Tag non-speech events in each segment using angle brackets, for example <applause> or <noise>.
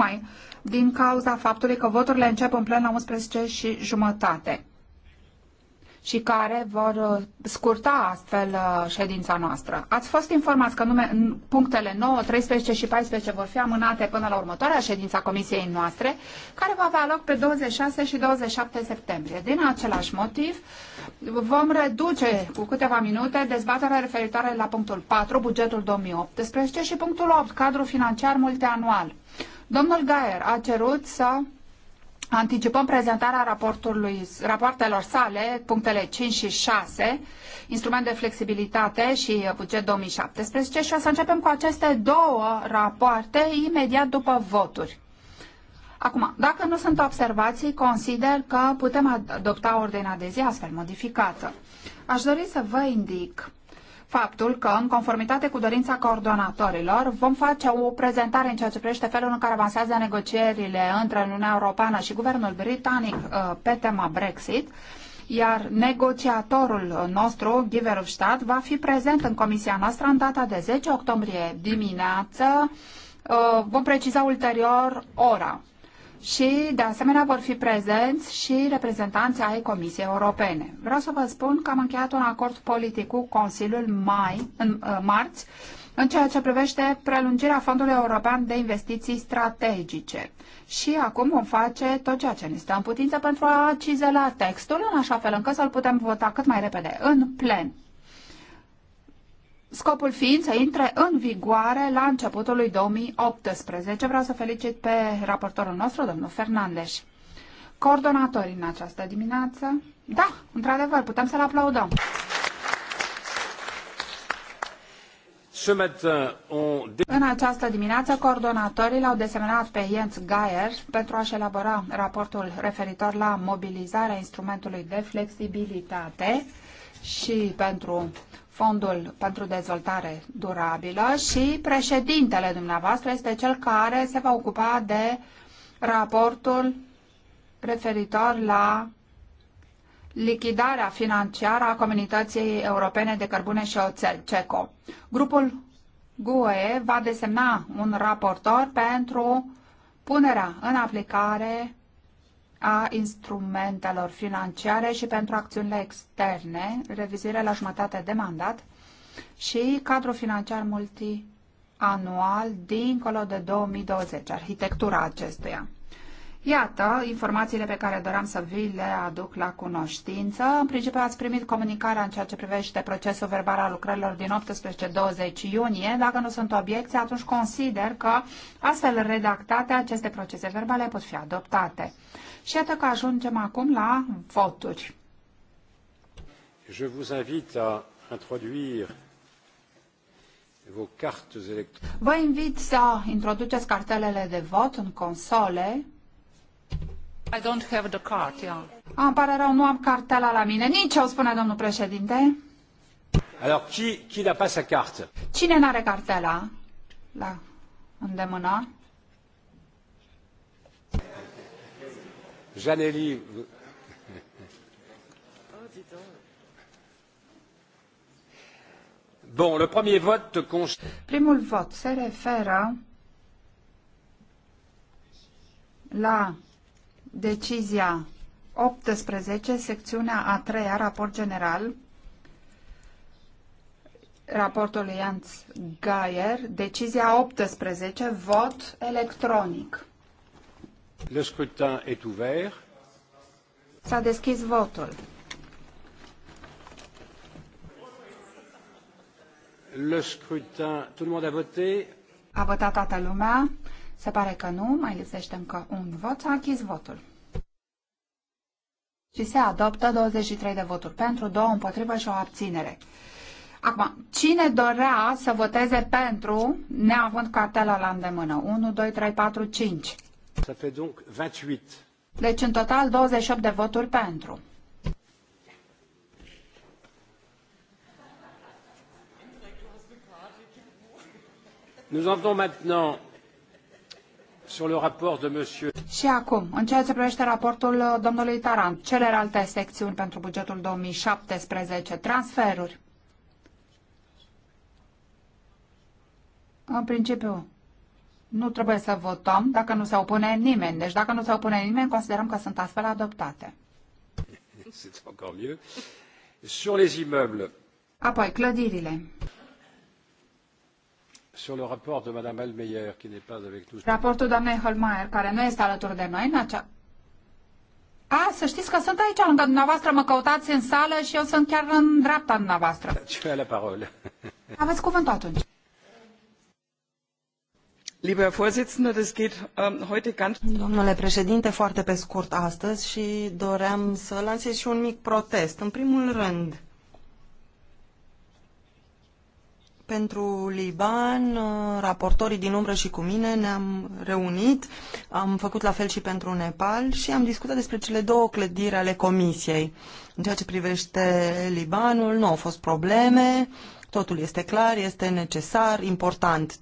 tocmai din cauza faptului că voturile încep în plen la 11 și jumătate și care vor uh, scurta astfel uh, ședința noastră. Ați fost informați că nume, punctele 9, 13 și 14 vor fi amânate până la următoarea ședință a comisiei noastre, care va avea loc pe 26 și 27 septembrie. Din același motiv, vom reduce cu câteva minute dezbaterea referitoare la punctul 4, bugetul 2018 și punctul 8, cadrul financiar multianual. Domnul Gaier a cerut să Anticipăm prezentarea raportului, rapoartelor sale, punctele 5 și 6, instrument de flexibilitate și buget 2017 și o să începem cu aceste două rapoarte imediat după voturi. Acum, dacă nu sunt observații, consider că putem adopta ordinea de zi astfel modificată. Aș dori să vă indic faptul că, în conformitate cu dorința coordonatorilor, vom face o prezentare în ceea ce privește felul în care avansează negocierile între Uniunea Europeană și Guvernul Britanic uh, pe tema Brexit, iar negociatorul nostru, Guy Verhofstadt, va fi prezent în comisia noastră în data de 10 octombrie dimineață. Uh, vom preciza ulterior ora și, de asemenea, vor fi prezenți și reprezentanții ai Comisiei Europene. Vreau să vă spun că am încheiat un acord politic cu Consiliul mai, în uh, marți în ceea ce privește prelungirea Fondului European de Investiții Strategice. Și acum vom face tot ceea ce ne stă în putință pentru a cizela textul în așa fel încât să-l putem vota cât mai repede în plen scopul fiind să intre în vigoare la începutul lui 2018. Vreau să felicit pe raportorul nostru, domnul Fernandes. Coordonatorii în această dimineață. Da, într-adevăr, putem să-l aplaudăm. În această dimineață, coordonatorii l-au desemnat pe Jens Geier pentru a-și elabora raportul referitor la mobilizarea instrumentului de flexibilitate și pentru Fondul pentru Dezvoltare Durabilă și președintele dumneavoastră este cel care se va ocupa de raportul referitor la lichidarea financiară a Comunității Europene de Cărbune și Oțel, CECO. Grupul GUE va desemna un raportor pentru punerea în aplicare a instrumentelor financiare și pentru acțiunile externe, revizuire la jumătate de mandat și cadru financiar multianual dincolo de 2020, arhitectura acestuia. Iată informațiile pe care doream să vi le aduc la cunoștință. În principiu ați primit comunicarea în ceea ce privește procesul verbal al lucrărilor din 18-20 iunie. Dacă nu sunt obiecții, atunci consider că astfel redactate aceste procese verbale pot fi adoptate. Și iată că ajungem acum la voturi. Je vous invite à introduire Vă invit să introduceți cartelele de vot în console. I don't have the card, yeah. A, ah, îmi pare rău, nu am cartela la mine. Nici eu, spune domnul președinte. Alors, qui, qui n'a pas sa carte? Cine n-are cartela la îndemână? Janelli. Oh, bon, le premier vote... Primul vot se referă la decizia 18, secțiunea a treia, raport general, raportul Ianț Gaier, decizia 18, vot electronic. Le scrutin est ouvert. S-a deschis votul. Le scrutin, tout le monde a voté? A votat toată lumea. Se pare că nu, mai lipsește încă un vot, s-a închis votul. Și se adoptă 23 de voturi pentru, 2 împotrivă și o abținere. Acum, cine dorea să voteze pentru, neavând cartela la îndemână? 1, 2, 3, 4, 5. Deci, în total, 28 de voturi pentru. Nous en venons maintenant sur le rapport de monsieur. Și acum, în ceea ce privește raportul uh, domnului Tarant, celelalte secțiuni pentru bugetul 2017, transferuri. În principiu, nu trebuie să votăm dacă nu se opune nimeni. Deci dacă nu se opune nimeni, considerăm că sunt astfel adoptate. C'est encore mieux. Sur les immeubles. Apoi, clădirile. Sur le rapport de Madame Almeyer, qui n'est pas avec nous. Raportul doamnei Holmeier, care nu este alături de noi în acea... A, să știți că sunt aici lângă dumneavoastră, mă căutați în sală și eu sunt chiar în dreapta dumneavoastră. Tu la parole. Aveți cuvântul atunci. Ähm, Domnule președinte, foarte pe scurt astăzi și doream să lansez și un mic protest. În primul rând, pentru Liban, uh, raportorii din umbră și cu mine ne-am reunit, am făcut la fel și pentru Nepal și am discutat despre cele două clădiri ale Comisiei. În ceea ce privește Libanul, nu au fost probleme, totul este clar, este necesar, important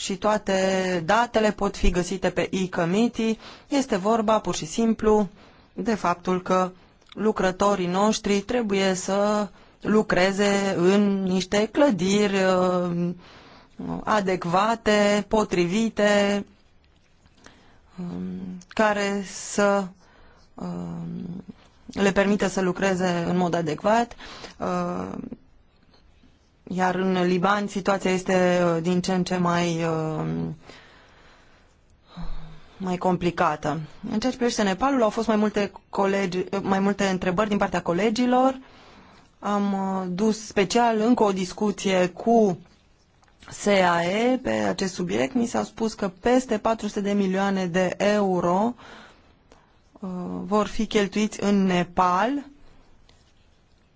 și toate datele pot fi găsite pe e-committee. Este vorba pur și simplu de faptul că lucrătorii noștri trebuie să lucreze în niște clădiri uh, adecvate, potrivite, um, care să um, le permită să lucreze în mod adecvat. Uh, iar în Liban situația este uh, din ce în ce mai, uh, mai complicată. În ceea ce privește Nepalul, au fost mai multe, colegi, mai multe întrebări din partea colegilor. Am uh, dus special încă o discuție cu SAE pe acest subiect. Mi s-a spus că peste 400 de milioane de euro vor fi cheltuiți în Nepal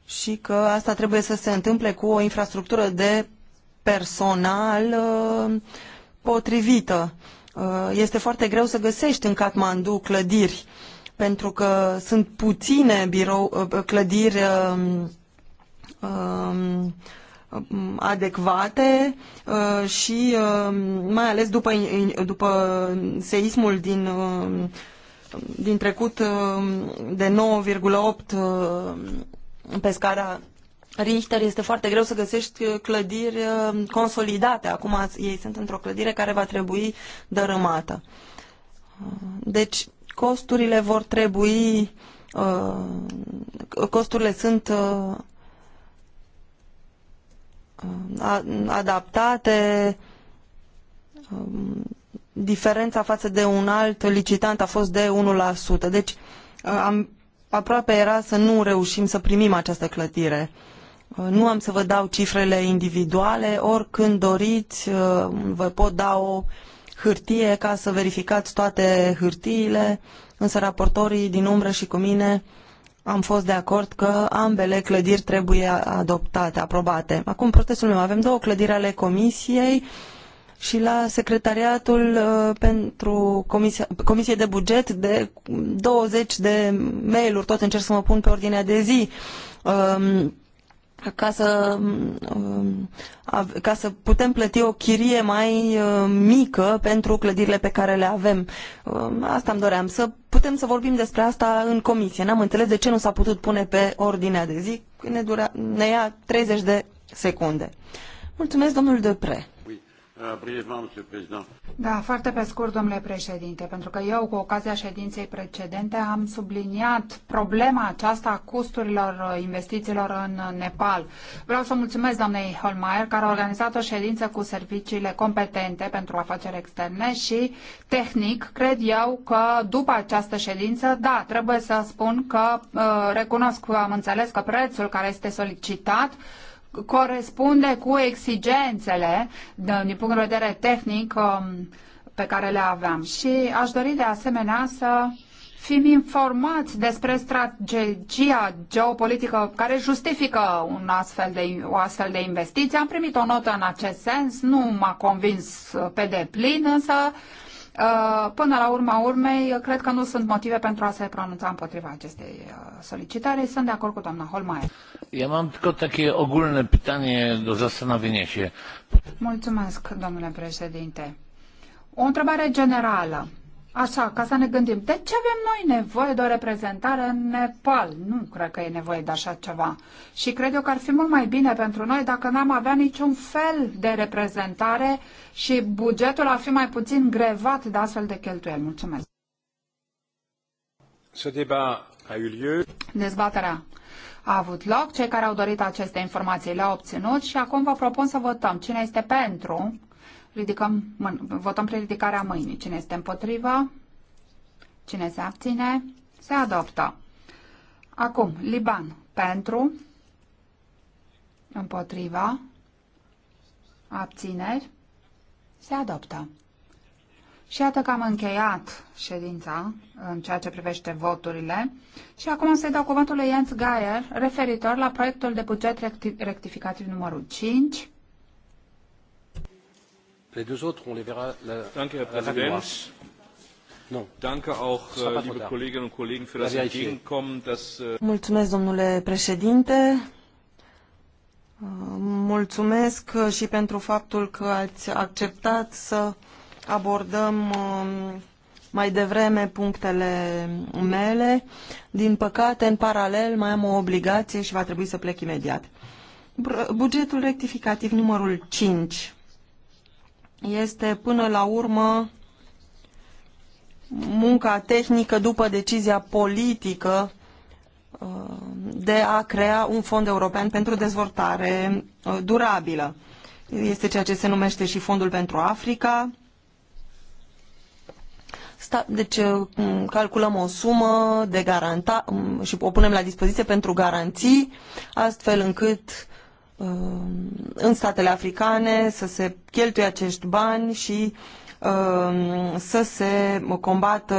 și că asta trebuie să se întâmple cu o infrastructură de personal uh, potrivită. Uh, este foarte greu să găsești în Kathmandu clădiri, pentru că sunt puține birou, uh, clădiri um, um, adecvate și um, mai ales după, după seismul din, din trecut de 9,8 pe scara Richter este foarte greu să găsești uh, clădiri uh, consolidate. Acum ei sunt într-o clădire care va trebui dărâmată. Uh, deci costurile vor trebui, costurile sunt adaptate, um, diferența față de un alt licitant a fost de 1%. Deci am aproape era să nu reușim să primim această clădire. Uh, nu am să vă dau cifrele individuale, oricând doriți uh, vă pot da o hârtie ca să verificați toate hârtiile, însă raportorii din umbră și cu mine am fost de acord că ambele clădiri trebuie adoptate, aprobate. Acum protestul meu, avem două clădiri ale comisiei, și la secretariatul uh, pentru Comisia, Comisie de Buget de 20 de mail-uri, tot încerc să mă pun pe ordinea de zi um, ca să, um, ca să putem plăti o chirie mai uh, mică pentru clădirile pe care le avem. Um, asta îmi doream, să putem să vorbim despre asta în comisie. N-am înțeles de ce nu s-a putut pune pe ordinea de zi, ne, ne ia 30 de secunde. Mulțumesc, domnul Depre. Da, foarte pe scurt, domnule președinte, pentru că eu, cu ocazia ședinței precedente, am subliniat problema aceasta a costurilor uh, investițiilor în uh, Nepal. Vreau să mulțumesc doamnei Holmeier, care a organizat o ședință cu serviciile competente pentru afaceri externe și, tehnic, cred eu că după această ședință, da, trebuie să spun că uh, recunosc, am înțeles că prețul care este solicitat, corespunde cu exigențele din punct de vedere tehnic um, pe care le aveam. Și aș dori de asemenea să fim informați despre strategia geopolitică care justifică un astfel de, o astfel de investiție. Am primit o notă în acest sens, nu m-a convins pe deplin, însă Uh, până la urma urmei, uh, cred că nu sunt motive pentru a se pronunța împotriva acestei uh, solicitări. Sunt de acord cu doamna Holmaier. Ja am tylko takie ogólne pytanie do zastanowienia się. Mulțumesc, domnule președinte. O întrebare generală. Așa, ca să ne gândim, de ce avem noi nevoie de o reprezentare în Nepal? Nu cred că e nevoie de așa ceva. Și cred eu că ar fi mult mai bine pentru noi dacă n-am avea niciun fel de reprezentare și bugetul ar fi mai puțin grevat de astfel de cheltuieli. Mulțumesc. Dezbaterea a avut loc. Cei care au dorit aceste informații le-au obținut și acum vă propun să votăm. Cine este pentru? ridicăm votăm prin ridicarea mâinii. Cine este împotrivă? Cine se abține? Se adoptă. Acum, Liban pentru, împotriva, abțineri, se adoptă. Și iată că am încheiat ședința în ceea ce privește voturile și acum o să-i dau cuvântul lui Jens Geier referitor la proiectul de buget rectificativ numărul 5 Les deux autres, on les verra la, Danke, Herr Präsident. Danke auch, äh, liebe Kolleginnen und Kollegen, für das Entgegenkommen. Das, äh, Mulțumesc, domnule președinte. Äh, mulțumesc și pentru faptul că ați acceptat să abordăm um, mai devreme punctele mele. Din păcate, în paralel, mai am o obligație și va trebui să plec imediat. Bugetul rectificativ numărul 5 este până la urmă munca tehnică după decizia politică uh, de a crea un fond european pentru dezvoltare uh, durabilă. Este ceea ce se numește și Fondul pentru Africa. Deci uh, calculăm o sumă de garanta um, și o punem la dispoziție pentru garanții, astfel încât Uh, în statele africane, să se cheltuie acești bani și uh, să se combată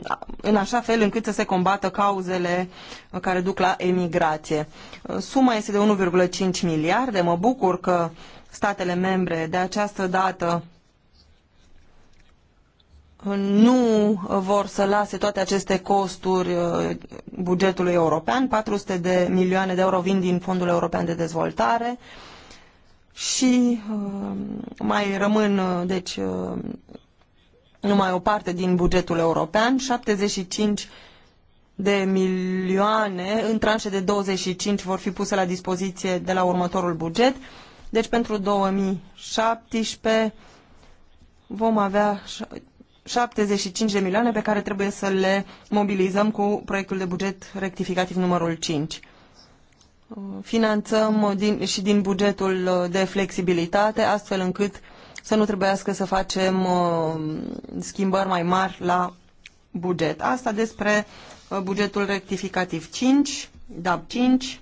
uh, în așa fel încât să se combată cauzele care duc la emigrație. Suma este de 1,5 miliarde. Mă bucur că statele membre de această dată nu vor să lase toate aceste costuri uh, bugetului european. 400 de milioane de euro vin din Fondul European de Dezvoltare și uh, mai rămân, uh, deci, numai o parte din bugetul european, 75 de milioane în tranșe de 25 vor fi puse la dispoziție de la următorul buget. Deci pentru 2017 vom avea 75 de milioane pe care trebuie să le mobilizăm cu proiectul de buget rectificativ numărul 5. Finanțăm din, și din bugetul de flexibilitate, astfel încât să nu trebuiască să facem uh, schimbări mai mari la buget. Asta despre uh, bugetul rectificativ 5, DAB 5.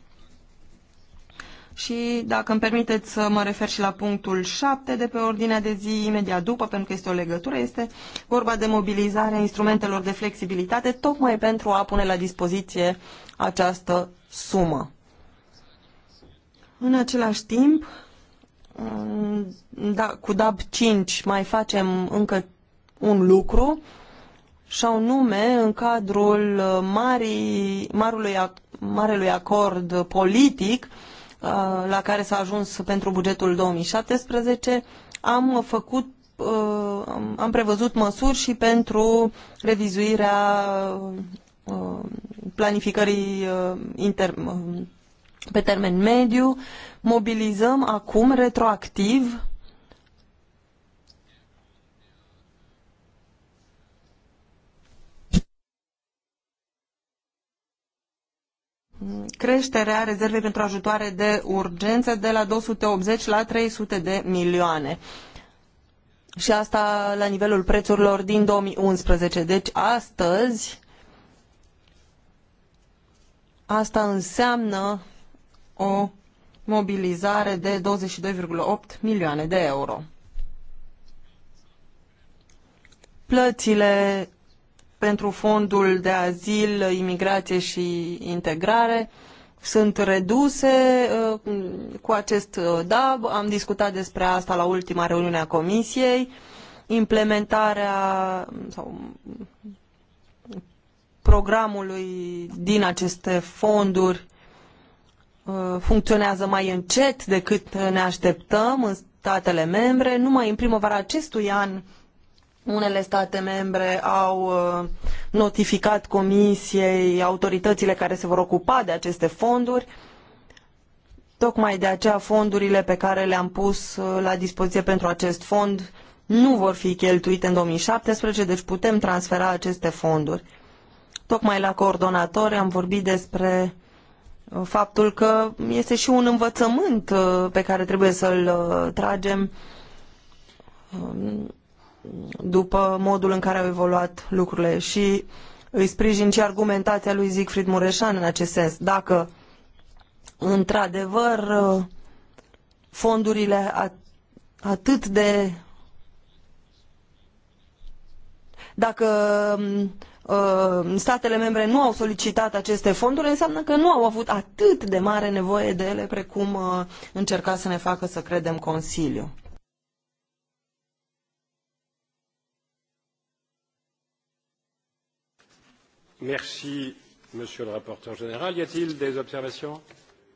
Și dacă îmi permiteți să mă refer și la punctul 7 de pe ordinea de zi, imediat după, pentru că este o legătură, este vorba de mobilizarea instrumentelor de flexibilitate, tocmai pentru a pune la dispoziție această sumă. În același timp, mm, da, cu DAB 5 mai facem încă un lucru, și nume în cadrul uh, marii, marului, marelui acord politic, uh, Uh, la care s-a ajuns pentru bugetul 2017, am făcut uh, am prevăzut măsuri și pentru revizuirea uh, planificării inter, pe termen mediu. Mobilizăm acum retroactiv creșterea rezervei pentru ajutoare de urgență de la 280 la 300 de milioane. Și asta la nivelul prețurilor din 2011. Deci astăzi asta înseamnă o mobilizare de 22,8 milioane de euro. Plățile pentru fondul de azil, imigrație și integrare sunt reduse uh, cu acest uh, DAB. Am discutat despre asta la ultima reuniune a Comisiei. Implementarea mm, sau mm, programului din aceste fonduri uh, funcționează mai încet decât ne așteptăm în statele membre. Numai în primăvara acestui an unele state membre au uh, notificat comisiei autoritățile care se vor ocupa de aceste fonduri. Tocmai de aceea fondurile pe care le-am pus uh, la dispoziție pentru acest fond nu vor fi cheltuite în 2017, deci putem transfera aceste fonduri. Tocmai la coordonatori am vorbit despre uh, faptul că este și un învățământ pe care trebuie să-l tragem după modul în care au evoluat lucrurile și îi sprijin și argumentația lui Siegfried Mureșan în acest sens. Dacă într-adevăr fondurile atât de dacă ă, statele membre nu au solicitat aceste fonduri, înseamnă că nu au avut atât de mare nevoie de ele precum ă, încerca să ne facă să credem Consiliu. Merci, monsieur le rapporteur général. Y a-t-il des observations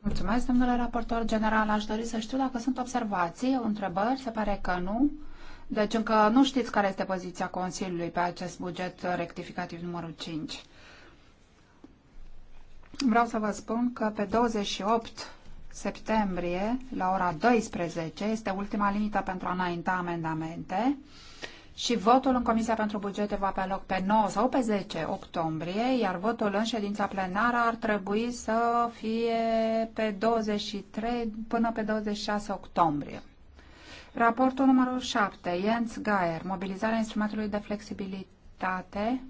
Mulțumesc, domnule raportor general. Aș dori să știu dacă sunt observații, întrebări. Se pare că nu. Deci încă nu știți care este poziția Consiliului pe acest buget rectificativ numărul 5. Vreau să vă spun că pe 28 septembrie, la ora 12, este ultima limită pentru a înainta amendamente și votul în Comisia pentru Bugete va pe loc pe 9 sau pe 10 octombrie, iar votul în ședința plenară ar trebui să fie pe 23 până pe 26 octombrie. Raportul numărul 7, Jens Geier, mobilizarea instrumentului de flexibilitate.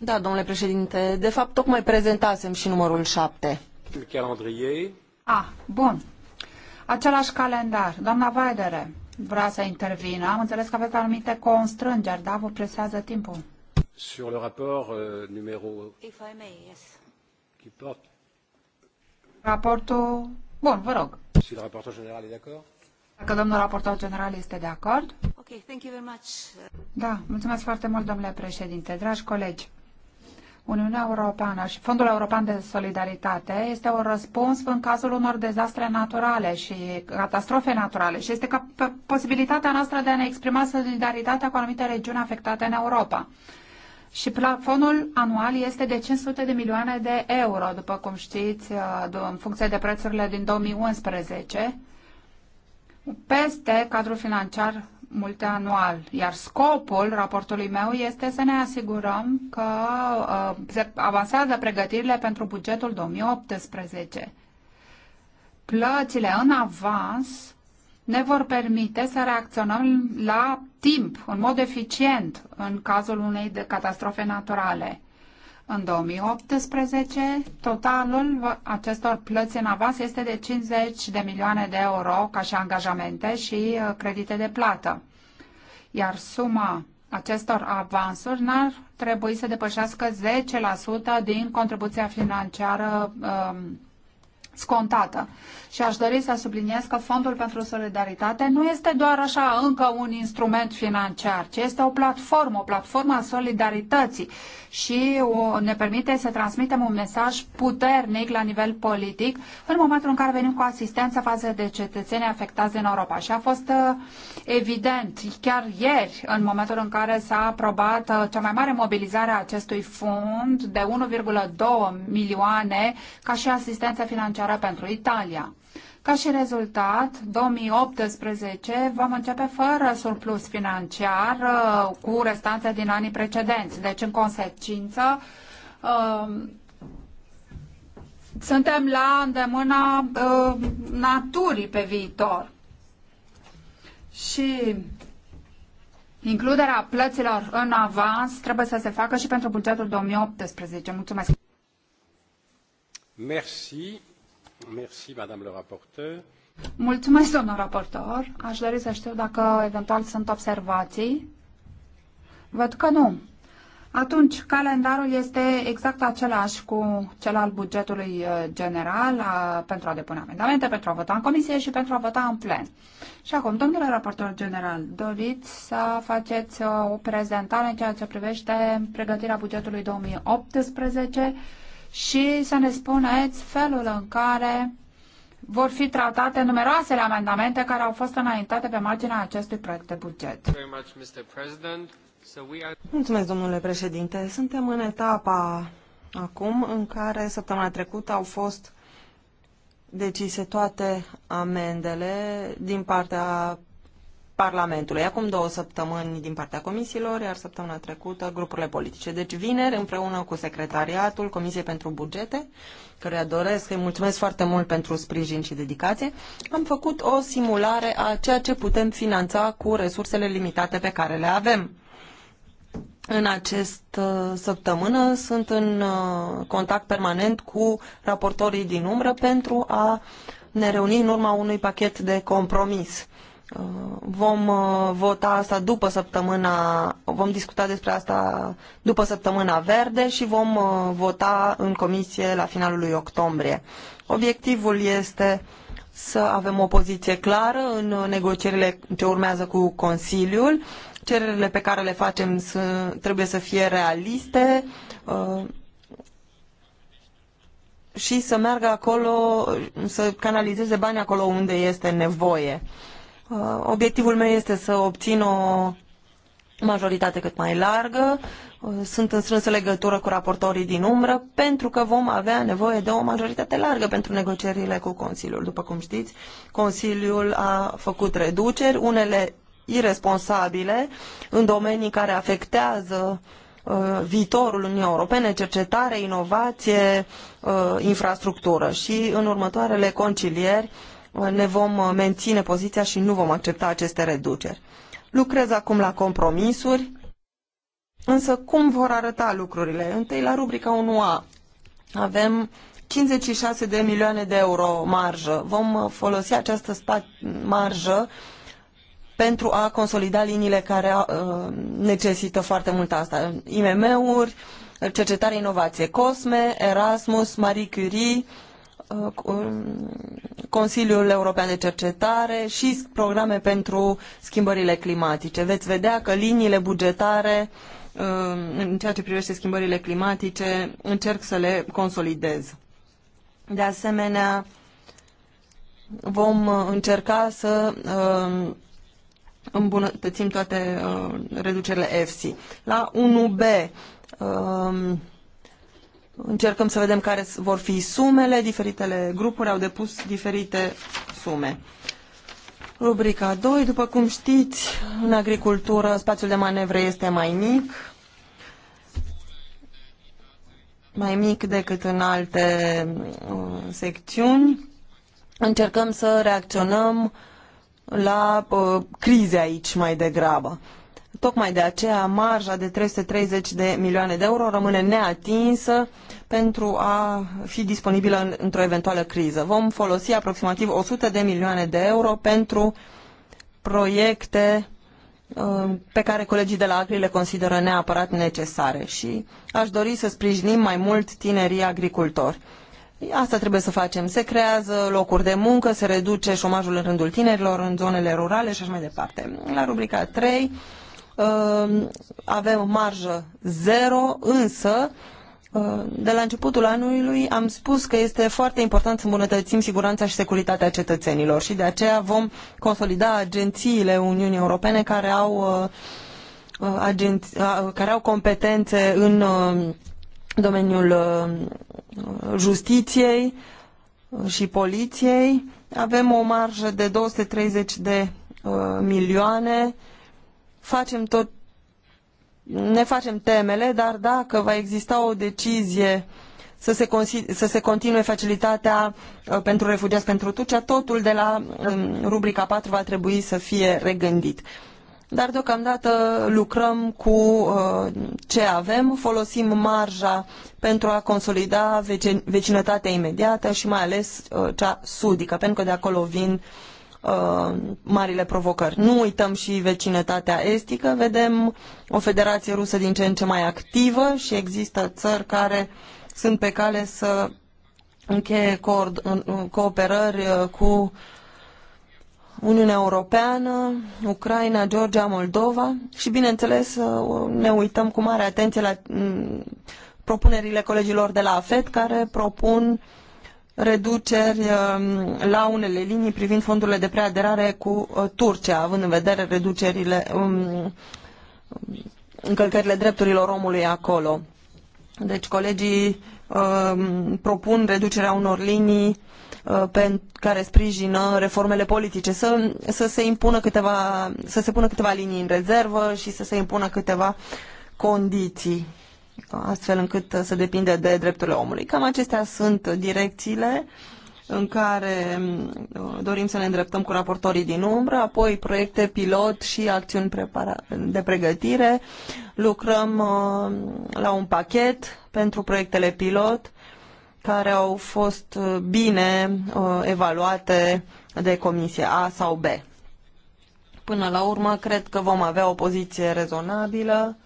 Da, domnule președinte, de fapt tocmai prezentasem și numărul 7. Ah, bun. Același calendar. Doamna Vaidere vrea să intervină. Am înțeles că aveți anumite constrângeri, da? Vă presează timpul. Sur le rapport uh, numero... If I may, yes. Qui porte... Raportul... Bun, vă rog. Si le rapporteur general est d'accord? Dacă domnul raportor general este de acord. Okay, thank you very much. Da, mulțumesc foarte mult, domnule președinte. Dragi colegi, Uniunea Europeană și Fondul European de Solidaritate este un răspuns în cazul unor dezastre naturale și catastrofe naturale și este ca posibilitatea noastră de a ne exprima solidaritatea cu anumite regiuni afectate în Europa. Și plafonul anual este de 500 de milioane de euro, după cum știți, uh, în funcție de prețurile din 2011, peste cadrul financiar multianual, iar scopul raportului meu este să ne asigurăm că uh, se avansează pregătirile pentru bugetul 2018. Plățile în avans ne vor permite să reacționăm la timp, în mod eficient, în cazul unei de catastrofe naturale. În 2018, totalul acestor plăți în avans este de 50 de milioane de euro ca și angajamente și uh, credite de plată. Iar suma acestor avansuri n-ar trebui să depășească 10% din contribuția financiară um, scontată și aș dori să subliniez că Fondul pentru Solidaritate nu este doar așa încă un instrument financiar, ci este o platformă, o platformă a solidarității și o, ne permite să transmitem un mesaj puternic la nivel politic în momentul în care venim cu asistență față de cetățenii afectați din Europa. Și a fost uh, evident chiar ieri, în momentul în care s-a aprobat uh, cea mai mare mobilizare a acestui fond de 1,2 milioane ca și asistență financiară pentru Italia. Ca și rezultat, 2018 vom începe fără surplus financiar uh, cu restanțe din anii precedenți. Deci, în consecință, uh, suntem la îndemâna uh, naturii pe viitor. Și includerea plăților în avans trebuie să se facă și pentru bugetul 2018. Mulțumesc! Merci. Merci, Madame le rapporteur. Mulțumesc, domnul raportor. Aș dori să știu dacă eventual sunt observații. Văd că nu. Atunci, calendarul este exact același cu cel al bugetului uh, general a, uh, pentru a depune amendamente, pentru a vota în comisie și pentru a vota în plen. Și acum, domnule raportor general, doriți să faceți o prezentare în ceea ce privește pregătirea bugetului 2018 și să ne spuneți felul în care vor fi tratate numeroasele amendamente care au fost înaintate pe marginea acestui proiect de buget. Mulțumesc, domnule președinte. Suntem în etapa acum în care săptămâna trecută au fost decise toate amendele din partea Parlamentului. Acum două săptămâni din partea comisiilor, iar săptămâna trecută grupurile politice. Deci vineri, împreună cu secretariatul Comisiei pentru Bugete, căruia doresc să mulțumesc foarte mult pentru sprijin și dedicație, am făcut o simulare a ceea ce putem finanța cu resursele limitate pe care le avem. În această uh, săptămână sunt în uh, contact permanent cu raportorii din umbră pentru a ne reuni în urma unui pachet de compromis Uh, vom uh, vota asta după săptămâna, vom discuta despre asta după săptămâna verde și vom uh, vota în comisie la finalul lui octombrie. Obiectivul este să avem o poziție clară în negocierile ce urmează cu Consiliul. Cererile pe care le facem trebuie să fie realiste și să meargă acolo, să canalizeze bani acolo unde este nevoie Uh, obiectivul meu este să obțin o majoritate cât mai largă. Uh, sunt în strânsă legătură cu raportorii din umbră pentru că vom avea nevoie de o majoritate largă pentru negocierile cu Consiliul. După cum știți, Consiliul a făcut reduceri, unele irresponsabile, în domenii care afectează uh, viitorul Uniunii Europene, cercetare, inovație, infrastructură. Și în următoarele concilieri Uh, ne vom uh, menține poziția și nu vom accepta aceste reduceri. Lucrez acum la compromisuri, însă cum vor arăta lucrurile? Întâi la rubrica 1A avem 56 de milioane de euro marjă. Vom uh, folosi această marjă pentru a consolida liniile care uh, necesită foarte mult asta. IMM-uri, cercetare, inovație, COSME, Erasmus, Marie Curie, uh, Uh, uh, Consiliul European de Cercetare și programe pentru schimbările climatice. Veți vedea că liniile bugetare uh, în ceea ce privește schimbările climatice încerc să le consolidez. De asemenea, vom încerca să îmbunătățim toate reducerile EFSI. La 1B, Încercăm să vedem care vor fi sumele. Diferitele grupuri au depus diferite sume. Rubrica 2, după cum știți, în agricultură spațiul de manevră este mai mic, mai mic decât în alte uh, secțiuni. Încercăm să reacționăm la uh, crize aici mai degrabă. Uh, Tocmai de aceea marja de 330 de milioane de euro rămâne neatinsă pentru a fi disponibilă într-o eventuală criză. Vom folosi aproximativ 100 de milioane de euro pentru proiecte uh, pe care colegii de la Agri le consideră neapărat necesare și aș dori să sprijinim mai mult tinerii agricultori. Asta trebuie să facem. Se creează locuri de muncă, se reduce șomajul în rândul tinerilor în zonele rurale și așa mai departe. La rubrica 3 Ehm, avem marjă zero, însă ehm, de la începutul anului am spus că este foarte important să îmbunătățim siguranța și securitatea cetățenilor și de aceea vom consolida agențiile Uniunii Europene care au, ehm, care au competențe în domeniul justiției și poliției. Avem o marjă de 230 de milioane uh, facem tot, ne facem temele, dar dacă va exista o decizie să se, să se continue facilitatea uh, pentru refugiați pentru Turcia, totul de la um, rubrica 4 va trebui să fie regândit. Dar deocamdată lucrăm cu uh, ce avem, folosim marja pentru a consolida vecinătatea imediată și mai ales uh, cea sudică, pentru că de acolo vin uh, uh, marile provocări. Nu uităm și vecinătatea estică, vedem o federație rusă din ce în ce mai activă și există țări care sunt pe cale să încheie cooperări uh, cu Uniunea Europeană, Ucraina, Georgia, Moldova și, bineînțeles, uh, ne uităm cu mare atenție la mm, propunerile colegilor de la AFET care propun uh, reduceri um, la unele linii privind fondurile de preaderare cu uh, Turcia, având în vedere reducerile, um, încălcările drepturilor omului acolo. Deci colegii um, propun reducerea unor linii uh, pe care sprijină reformele politice, să, să, se impună câteva, să se pună câteva linii în rezervă și să se impună câteva condiții astfel încât uh, să depinde de drepturile omului. Cam acestea sunt direcțiile în care mm, uh, dorim să ne îndreptăm cu raportorii din umbră, apoi proiecte pilot și acțiuni de pregătire. Lucrăm uh, la un pachet pentru proiectele pilot care au fost bine evaluate de comisie A sau B. Până la urmă, cred că vom avea o poziție rezonabilă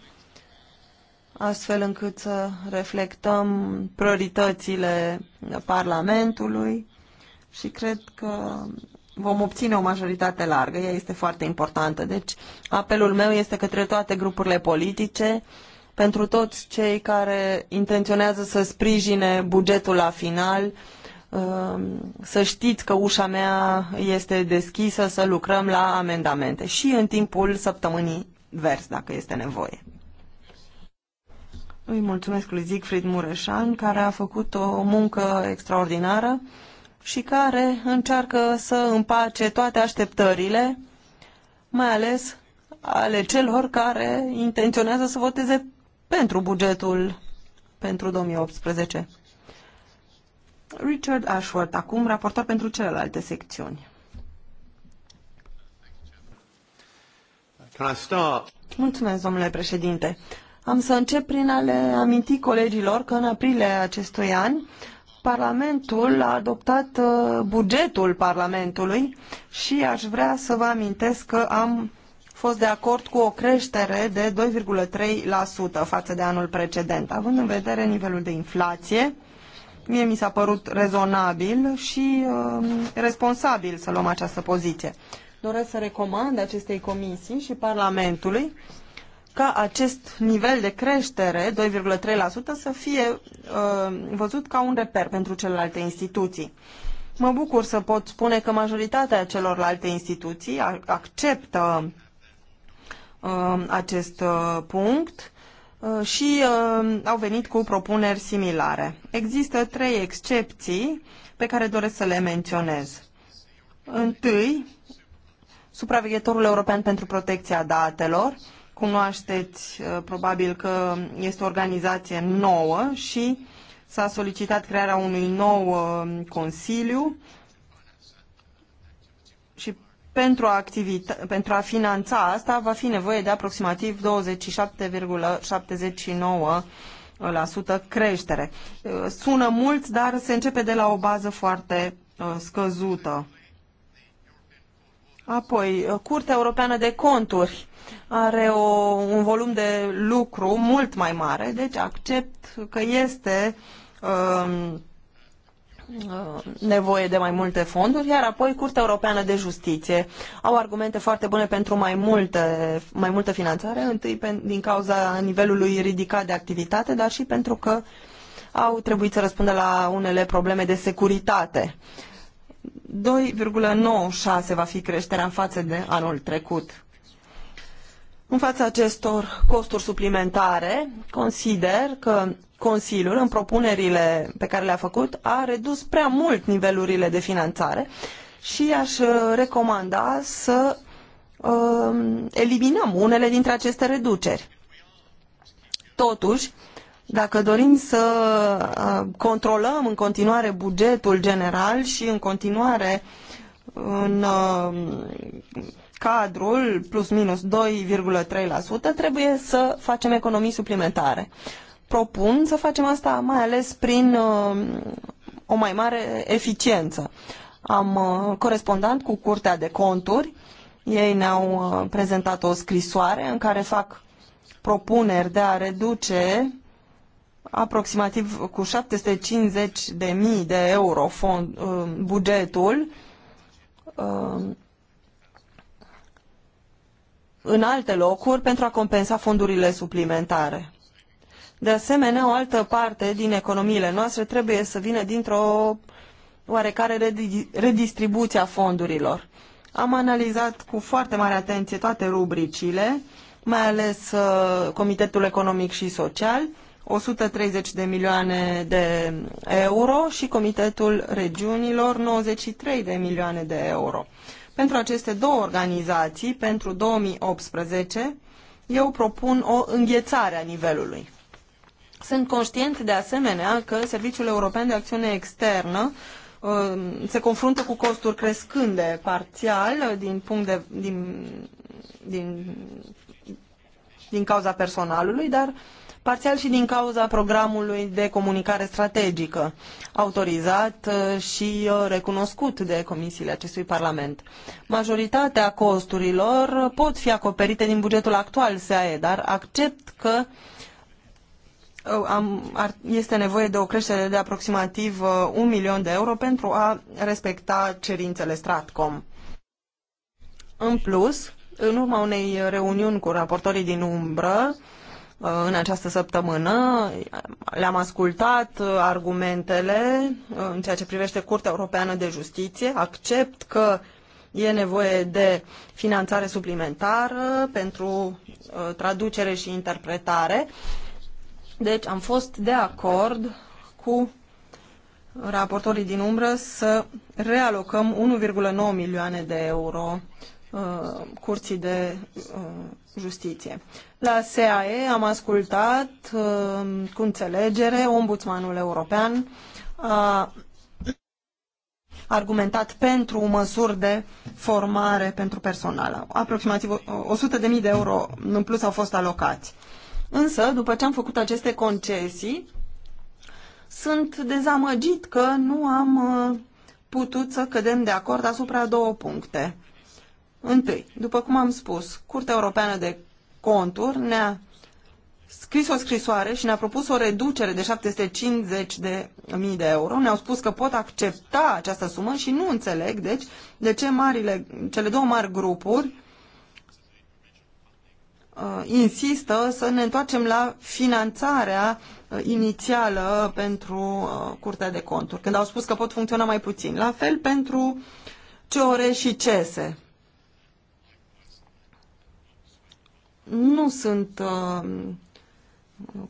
astfel încât să reflectăm prioritățile Parlamentului și cred că vom obține o majoritate largă, ea este foarte importantă. Deci apelul meu este către toate grupurile politice, pentru toți cei care intenționează să sprijine bugetul la final, um, să știți că ușa mea este deschisă să lucrăm la amendamente și în timpul săptămânii vers, dacă este nevoie. Îi mulțumesc lui Siegfried Mureșan, care a făcut o muncă extraordinară și care încearcă să împace toate așteptările, mai ales ale celor care intenționează să voteze pentru bugetul pentru 2018. Richard Ashworth, acum raportor pentru celelalte secțiuni. Mulțumesc, domnule președinte. Am să încep prin a le aminti colegilor că în aprilie acestui an Parlamentul a adoptat uh, bugetul Parlamentului și aș vrea să vă amintesc că am fost de acord cu o creștere de 2,3% față de anul precedent. Având în vedere nivelul de inflație, mie mi s-a părut rezonabil și uh, responsabil să luăm această poziție. Doresc să recomand acestei comisii și Parlamentului ca acest nivel de creștere, 2,3%, să fie uh, văzut ca un reper pentru celelalte instituții. Mă bucur să pot spune că majoritatea celorlalte instituții acceptă uh, acest uh, punct uh, și uh, au venit cu propuneri similare. Există trei excepții pe care doresc să le menționez. Întâi, supraveghetorul european pentru protecția datelor, Cunoașteți uh, probabil că este o organizație nouă și s-a solicitat crearea unui nou uh, consiliu și pentru a, pentru a finanța asta va fi nevoie de aproximativ 27,79% creștere. Uh, sună mult, dar se începe de la o bază foarte scăzută. Apoi, Curtea Europeană de Conturi are o, un volum de lucru mult mai mare, deci accept că este um, uh, nevoie de mai multe fonduri, iar apoi Curtea Europeană de Justiție au argumente foarte bune pentru mai, multe, mai multă finanțare, întâi pe, din cauza nivelului ridicat de activitate, dar și pentru că au trebuit să răspundă la unele probleme de securitate. Uh, 2,96 va fi creșterea în față de anul trecut. În fața acestor costuri suplimentare, consider că Consiliul, în propunerile pe care le-a făcut, a redus prea mult nivelurile de finanțare și aș uh, recomanda să uh, eliminăm unele dintre aceste reduceri. Totuși, uh, dacă dorim să uh, controlăm în continuare bugetul general și în continuare în uh, cadrul plus minus 2,3%, trebuie să facem economii suplimentare. Propun să facem asta mai ales prin uh, o mai mare eficiență. Am corespondat cu Curtea de Conturi, ei ne-au prezentat o scrisoare în care fac propuneri de a reduce aproximativ cu 750 de mii de euro fond, uh, bugetul uh, în alte locuri pentru a compensa fondurile suplimentare. De asemenea, o altă parte din economiile noastre trebuie să vină dintr-o oarecare redistribuție a fondurilor. Am analizat cu foarte mare atenție toate rubricile, mai ales uh, Comitetul Economic și Social, 130 de milioane de euro și Comitetul Regiunilor 93 de milioane de euro. Pentru aceste două organizații, pentru 2018, eu propun o înghețare a nivelului. Sunt conștient de asemenea că Serviciul European de Acțiune Externă um, se confruntă cu costuri crescânde parțial din punct de, din, din, din cauza personalului, dar uh, parțial și din cauza programului de comunicare strategică, autorizat uh, și uh, recunoscut de comisiile acestui Parlament. Majoritatea costurilor pot fi acoperite din bugetul actual SAE, dar accept că uh, este nevoie de o creștere de aproximativ un milion de euro pentru a respecta cerințele Stratcom. În plus, în urma unei reuniuni cu raportorii din umbră, în această săptămână. Le-am ascultat uh, argumentele uh, în ceea ce privește Curtea Europeană de Justiție. Accept că e nevoie de finanțare suplimentară pentru uh, traducere și interpretare. Deci am fost de acord cu raportorii din umbră să realocăm 1,9 milioane de euro Uh, curții de uh, justiție. La SAE am ascultat uh, cu înțelegere ombudsmanul european a argumentat pentru măsuri de formare pentru personal. Aproximativ 100.000 uh, de euro în plus au fost alocați. Însă, după ce am făcut aceste concesii, sunt dezamăgit că nu am uh, putut să cădem de acord asupra două puncte. Întâi, după cum am spus, Curtea Europeană de Conturi ne-a scris o scrisoare și ne-a propus o reducere de 750.000 de mii de euro. Ne-au spus că pot accepta această sumă și nu înțeleg, deci, de ce marile, cele două mari grupuri uh, insistă să ne întoarcem la finanțarea uh, inițială pentru uh, Curtea de Conturi, când au spus că pot funcționa mai puțin. La fel pentru CORE și CESE. nu sunt uh,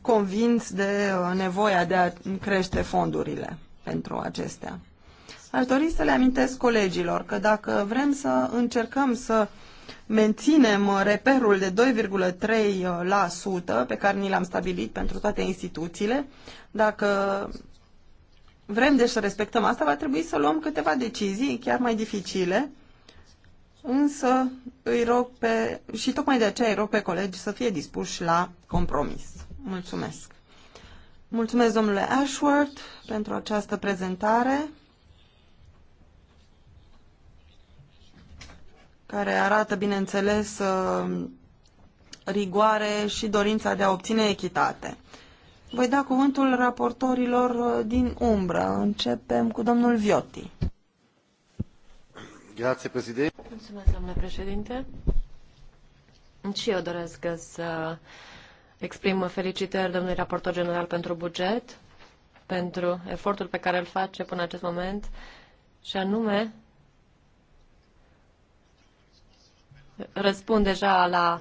convins de uh, nevoia de a crește fondurile pentru acestea. Aș dori să le amintesc colegilor că dacă vrem să încercăm să menținem uh, reperul de 2,3% pe care ni l-am stabilit pentru toate instituțiile, dacă vrem deci să respectăm asta, va trebui să luăm câteva decizii chiar mai dificile însă îi rog pe, și tocmai de aceea îi rog pe colegi să fie dispuși la compromis. Mulțumesc! Mulțumesc, domnule Ashworth, pentru această prezentare care arată, bineînțeles, uh, rigoare și dorința de a obține echitate. Voi da cuvântul raportorilor uh, din umbră. Începem cu domnul Viotti i eu doresc să exprim felicitări domnului raportor general pentru buget, pentru efortul pe care îl face până acest moment, și anume răspund deja la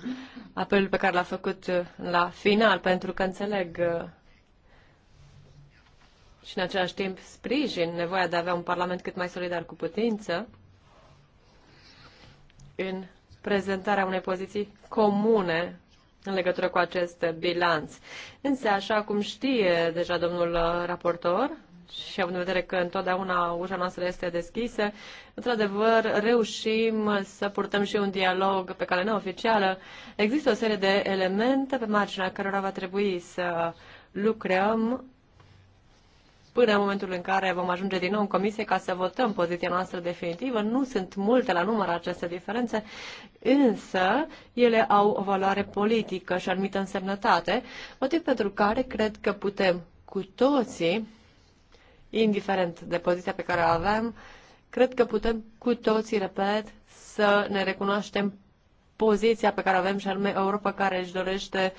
apelul pe care l-a făcut la final, pentru că înțeleg și în același timp sprijin nevoia de a avea un parlament cât mai solidar cu putință în prezentarea unei poziții comune în legătură cu acest bilanț. Însă, așa cum știe deja domnul raportor, și având în vedere că întotdeauna ușa noastră este deschisă, într-adevăr reușim să purtăm și un dialog pe cale neoficială. Există o serie de elemente pe marginea cărora va trebui să lucrăm până în momentul în care vom ajunge din nou în comisie ca să votăm poziția noastră definitivă. Nu sunt multe la număr aceste diferențe, însă ele au o valoare politică și anumită însemnătate, motiv pentru care cred că putem cu toții, indiferent de poziția pe care o avem, cred că putem cu toții, repet, să ne recunoaștem poziția pe care o avem și anume Europa care își dorește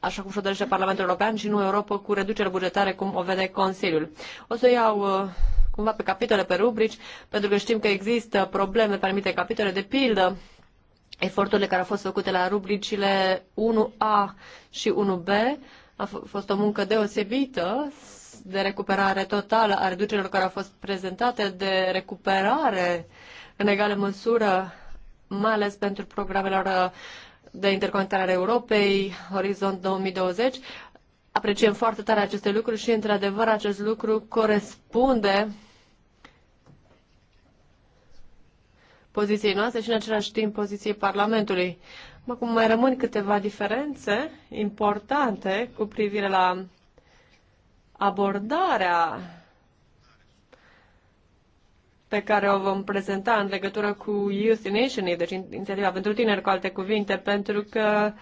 așa cum și-o dorește Parlamentul European și nu Europa cu reduceri bugetare, cum o vede Consiliul. O să iau uh, cumva pe capitole, pe rubrici, pentru că știm că există probleme pe anumite capitole, de pildă eforturile care au fost făcute la rubricile 1A și 1B. A fost o muncă deosebită de recuperare totală a reducerilor care au fost prezentate, de recuperare în egală măsură, mai ales pentru programelor uh, de interconectare a Europei, Horizont 2020. Apreciem foarte tare aceste lucruri și, într-adevăr, acest lucru corespunde poziției noastre și, în același timp, poziției Parlamentului. Acum mai rămân câteva diferențe importante cu privire la abordarea pe care o vom prezenta în legătură cu Youth deci in Nation, deci inițiativa pentru tineri, cu alte cuvinte, pentru că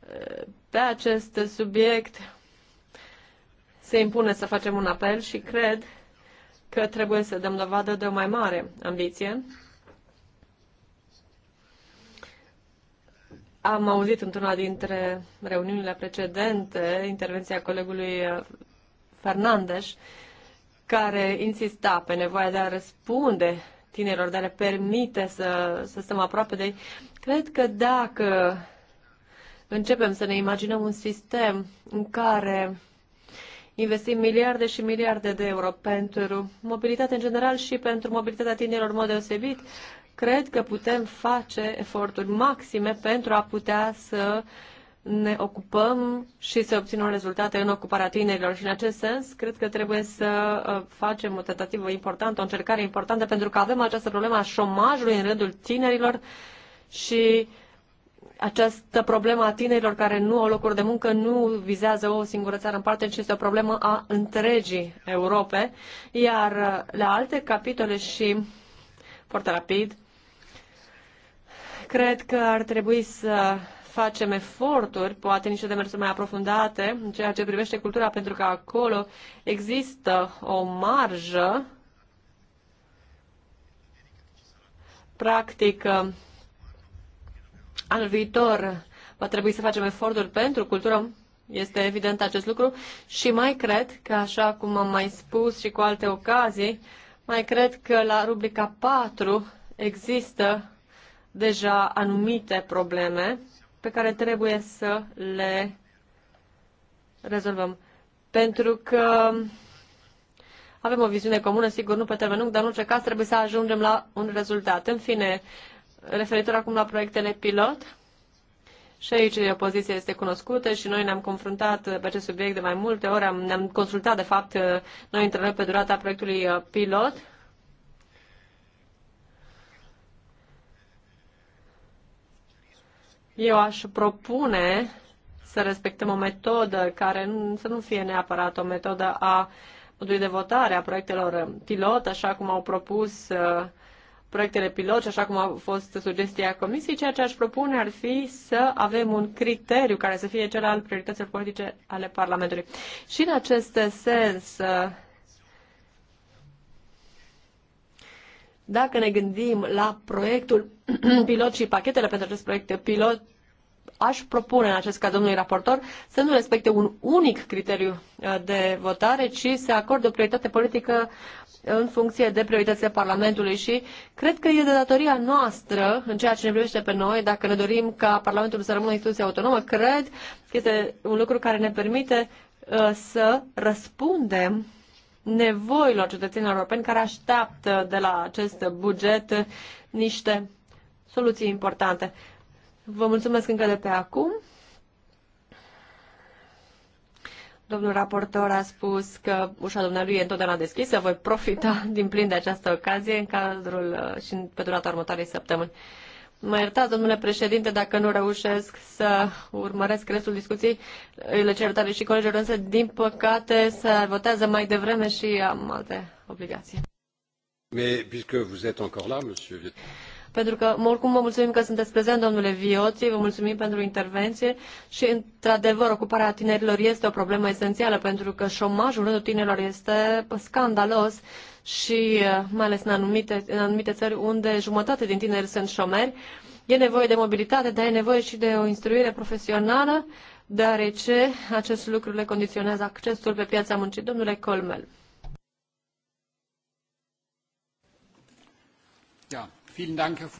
uh, pe acest subiect se impune să facem un apel și cred că trebuie să dăm dovadă de o mai mare ambiție. Am auzit într-una dintre reuniunile precedente intervenția colegului uh, Fernandes care insista pe nevoia de a răspunde tinerilor, de a le permite să, să stăm aproape de ei. Cred că dacă începem să ne imaginăm un sistem în care investim miliarde și miliarde de euro pentru mobilitate în general și pentru mobilitatea tinerilor în mod deosebit, cred că putem face eforturi maxime pentru a putea să uh, ne ocupăm și să obținem rezultate în ocuparea tinerilor. Și în acest sens, cred că trebuie să uh, facem o tentativă importantă, o încercare importantă, pentru că avem această problemă a șomajului în rândul tinerilor și această problemă a tinerilor care nu au locuri de muncă nu vizează o singură țară în parte, ci este o problemă a întregii Europe. Iar uh, la alte capitole și foarte rapid, cred că ar trebui să facem eforturi, poate niște demersuri mai aprofundate în ceea ce privește cultura, pentru că acolo există o marjă practic anul viitor va trebui să facem eforturi pentru cultură, este evident acest lucru și mai cred că, așa cum am mai spus și cu alte ocazii, mai cred că la rubrica 4 există deja anumite probleme pe care trebuie să le rezolvăm. Pentru că avem o viziune comună, sigur, nu pe termen lung, dar în orice caz trebuie să ajungem la un rezultat. În fine, referitor acum la proiectele pilot, și aici opoziția este cunoscută și noi ne-am confruntat pe acest subiect de mai multe ori, am, ne-am consultat, de fapt, noi între noi pe durata proiectului uh, pilot Eu aș propune să respectăm o metodă care să nu fie neapărat o metodă a modului de votare a proiectelor pilot, așa cum au propus uh, proiectele pilot și așa cum a fost sugestia Comisiei, ceea ce aș propune ar fi să avem un criteriu care să fie cel al priorităților politice ale Parlamentului. Și în acest sens, uh, Dacă ne gândim la proiectul <clears throat> pilot și pachetele pentru acest proiect pilot, aș propune în acest caz domnului raportor să nu respecte un unic criteriu uh, de votare, ci să acorde o prioritate politică în funcție de prioritățile Parlamentului și cred că e de datoria noastră în ceea ce ne privește pe noi, dacă ne dorim ca Parlamentul să rămână o instituție autonomă, cred că este un lucru care ne permite uh, să răspundem nevoilor cetățenilor europeni care așteaptă de la acest buget niște soluții importante. Vă mulțumesc încă de pe acum. Domnul raportor a spus că ușa dumnealui e întotdeauna deschisă. Voi profita <laughs> din plin de această ocazie în cadrul uh, și pe durata următoarei săptămâni. Mă iertați, domnule președinte, dacă nu reușesc să urmăresc restul discuției, le cer tare și colegilor, însă, din păcate, se votează mai devreme și am alte obligații. Mais, puisque vous êtes encore là, monsieur... Pentru că, oricum, vă mulțumim că sunteți prezent, domnule Vioții, vă mulțumim pentru intervenție și, într-adevăr, ocuparea tinerilor este o problemă esențială, pentru că șomajul rândul tinerilor este scandalos și uh, mai ales în anumite, în anumite țări unde jumătate din tineri sunt șomeri. E nevoie de mobilitate, dar e nevoie și de o instruire profesională, deoarece acest lucru le condiționează accesul pe piața muncii. Domnule Colmel. Da.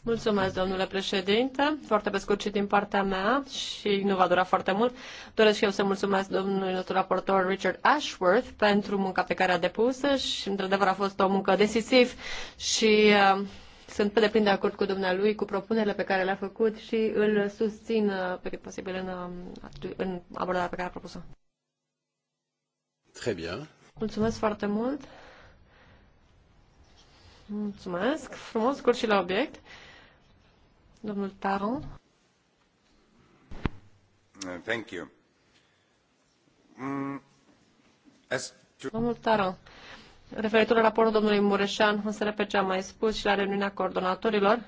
Mulțumesc, domnule președinte. Foarte pe scurt și din partea mea și nu va dura foarte mult. Doresc și eu să mulțumesc domnului nostru raportor Richard Ashworth pentru munca pe care a depus-o și, într-adevăr, a fost o muncă decisiv și uh, sunt pe deplin de acord cu dumnealui, cu propunerile pe care le-a făcut și îl susțin uh, pe cât posibil în, uh, în abordarea pe care a propus-o. Très bien. Mulțumesc foarte mult. Mulțumesc. Frumos, scurt și la obiect. Domnul Taron. Thank you. Mm, as to... Domnul Taron, referitor la raportul domnului Mureșan, o să repet ce am mai spus și la reuniunea coordonatorilor,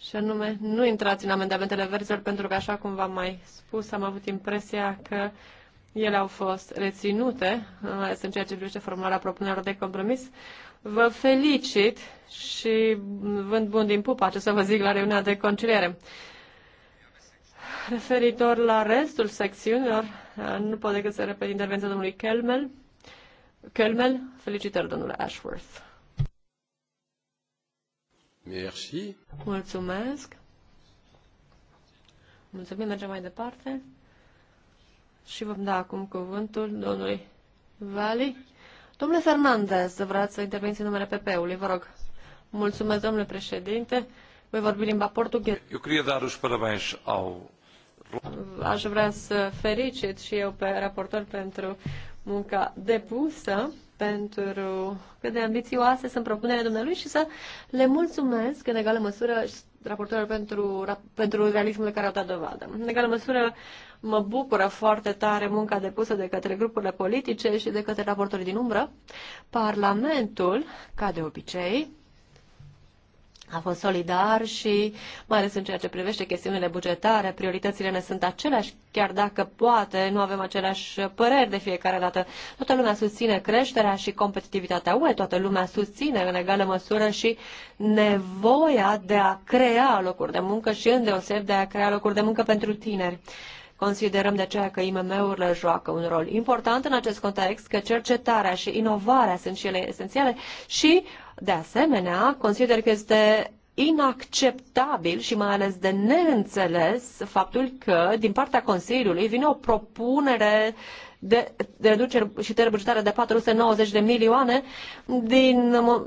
și anume, nu intrați în amendamentele verzilor, pentru că, așa cum v-am mai spus, am avut impresia că ele au fost reținute, ales în ceea ce privește formularea propunerilor de compromis. Vă felicit și vând bun din pupa ce să vă zic la reuniunea de conciliere. Referitor la restul secțiunilor, nu pot decât să repet intervenția domnului Kelmel. Kelmel, felicitări domnule Ashworth. Merci. Mulțumesc. Mulțumim, mergem mai departe. Și vom da acum cuvântul domnului Vali Domnule Fernandez, vreați să interveniți în numele PP-ului, vă rog. Mulțumesc, domnule președinte. Voi vorbi limba portugheză. Eu cred dar își parabéns au... Aș vrea să fericit și eu pe raportor pentru munca depusă, pentru cât de ambițioase sunt propunerile dumnealui și să le mulțumesc în egală măsură raportorilor pentru, pentru realismul de care au dat dovadă. În egală măsură Mă bucură foarte tare munca depusă de către grupurile politice și de către raportorii din umbră. Parlamentul, ca de obicei, a fost solidar și, mai ales în ceea ce privește chestiunile bugetare, prioritățile ne sunt aceleași, chiar dacă poate nu avem aceleași păreri de fiecare dată. Toată lumea susține creșterea și competitivitatea UE, toată lumea susține în egală măsură și nevoia de a crea locuri de muncă și îndeoseb de a crea locuri de muncă pentru tineri. Considerăm de aceea că IMM-urile joacă un rol important în acest context, că cercetarea și inovarea sunt și ele esențiale și, de asemenea, consider că este inacceptabil și mai ales de neînțeles faptul că din partea Consiliului vine o propunere de, de reduceri și tăieri bugetare de 490 de milioane din mm,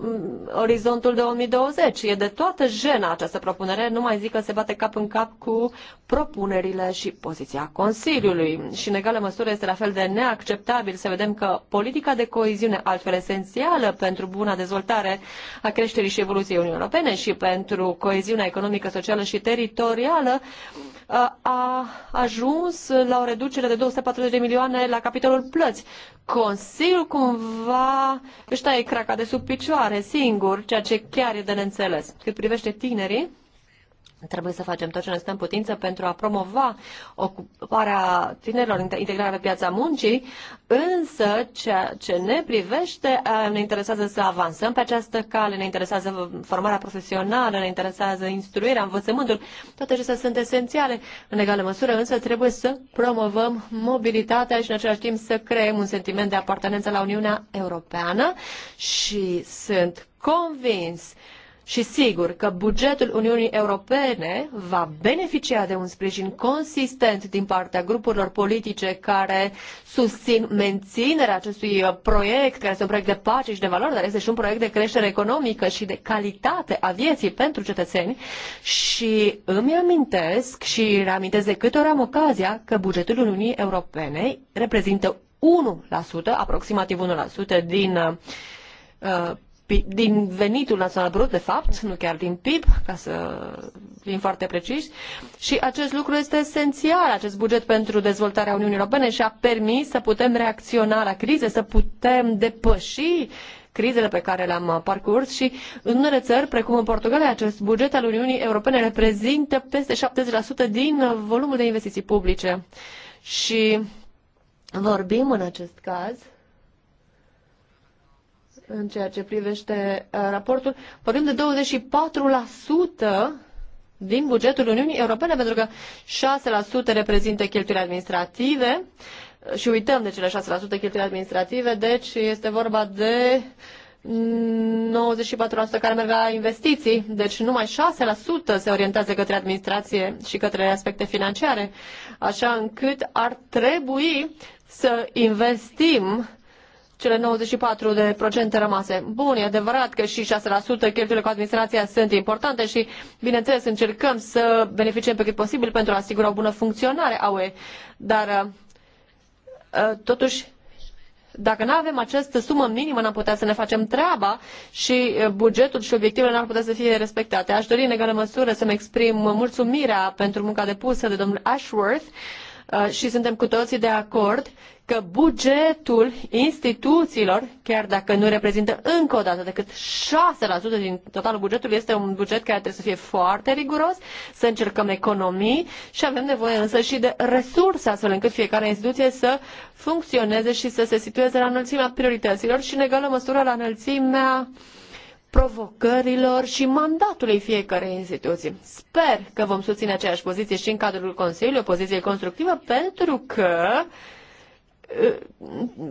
orizontul 2020. E de toată jena această propunere, nu mai zic că se bate cap în cap cu propunerile și poziția Consiliului. Și în egală măsură este la fel de neacceptabil să vedem că politica de coeziune, altfel esențială pentru buna dezvoltare a creșterii și evoluției Uniunii Europene și pentru coeziunea economică, socială și teritorială, a ajuns la o reducere de 240 de milioane la capitolul plăți. Consiliul cumva își taie craca de sub picioare singur, ceea ce chiar e de neînțeles. Cât privește tinerii, Trebuie să facem tot ce ne stăm putință pentru a promova ocuparea tinerilor, integrarea pe piața muncii, însă ceea ce ne privește ne interesează să avansăm pe această cale, ne interesează formarea profesională, ne interesează instruirea, învățământul, toate acestea sunt esențiale. În egală măsură însă trebuie să promovăm mobilitatea și în același timp să creăm un sentiment de apartenență la Uniunea Europeană și sunt convins și sigur că bugetul Uniunii Europene va beneficia de un sprijin consistent din partea grupurilor politice care susțin menținerea acestui uh, proiect, care este un proiect de pace și de valoare, dar este și un proiect de creștere economică și de calitate a vieții pentru cetățeni. Și îmi amintesc și reamintesc de câte ori am ocazia că bugetul Uniunii Europene reprezintă 1%, aproximativ 1% din uh, uh din venitul național brut, de fapt, nu chiar din PIB, ca să fim foarte preciși. Și acest lucru este esențial, acest buget pentru dezvoltarea Uniunii Europene și a permis să putem reacționa la crize, să putem depăși crizele pe care le-am parcurs și în unele țări, precum în Portugalia, acest buget al Uniunii Europene reprezintă peste 70% din volumul de investiții publice. Și vorbim în acest caz în ceea ce privește uh, raportul, vorbim de 24% din bugetul Uniunii Europene, pentru că 6% reprezintă cheltuieli administrative și uităm de cele 6% cheltuieli administrative, deci este vorba de 94% care merg la investiții, deci numai 6% se orientează către administrație și către aspecte financiare, așa încât ar trebui să investim cele 94% de procente rămase. Bun, e adevărat că și 6% cheltuielile cu administrația sunt importante și, bineînțeles, încercăm să beneficiem pe cât posibil pentru a asigura o bună funcționare a UE, dar uh, uh, totuși dacă nu avem această sumă minimă, n-am putea să ne facem treaba și uh, bugetul și obiectivele n-ar putea să fie respectate. Aș dori în egală măsură să-mi exprim mulțumirea pentru munca depusă de domnul Ashworth Uh, și suntem cu toții de acord că bugetul instituțiilor, chiar dacă nu reprezintă încă o dată decât 6% din totalul bugetului, este un buget care trebuie să fie foarte riguros, să încercăm economii și avem nevoie însă și de resurse astfel încât fiecare instituție să funcționeze și să se situeze la înălțimea priorităților și în egală măsură la înălțimea uh, provocărilor și mandatului fiecărei instituții. Sper că vom susține aceeași poziție și în cadrul Consiliului, o poziție constructivă, pentru că uh,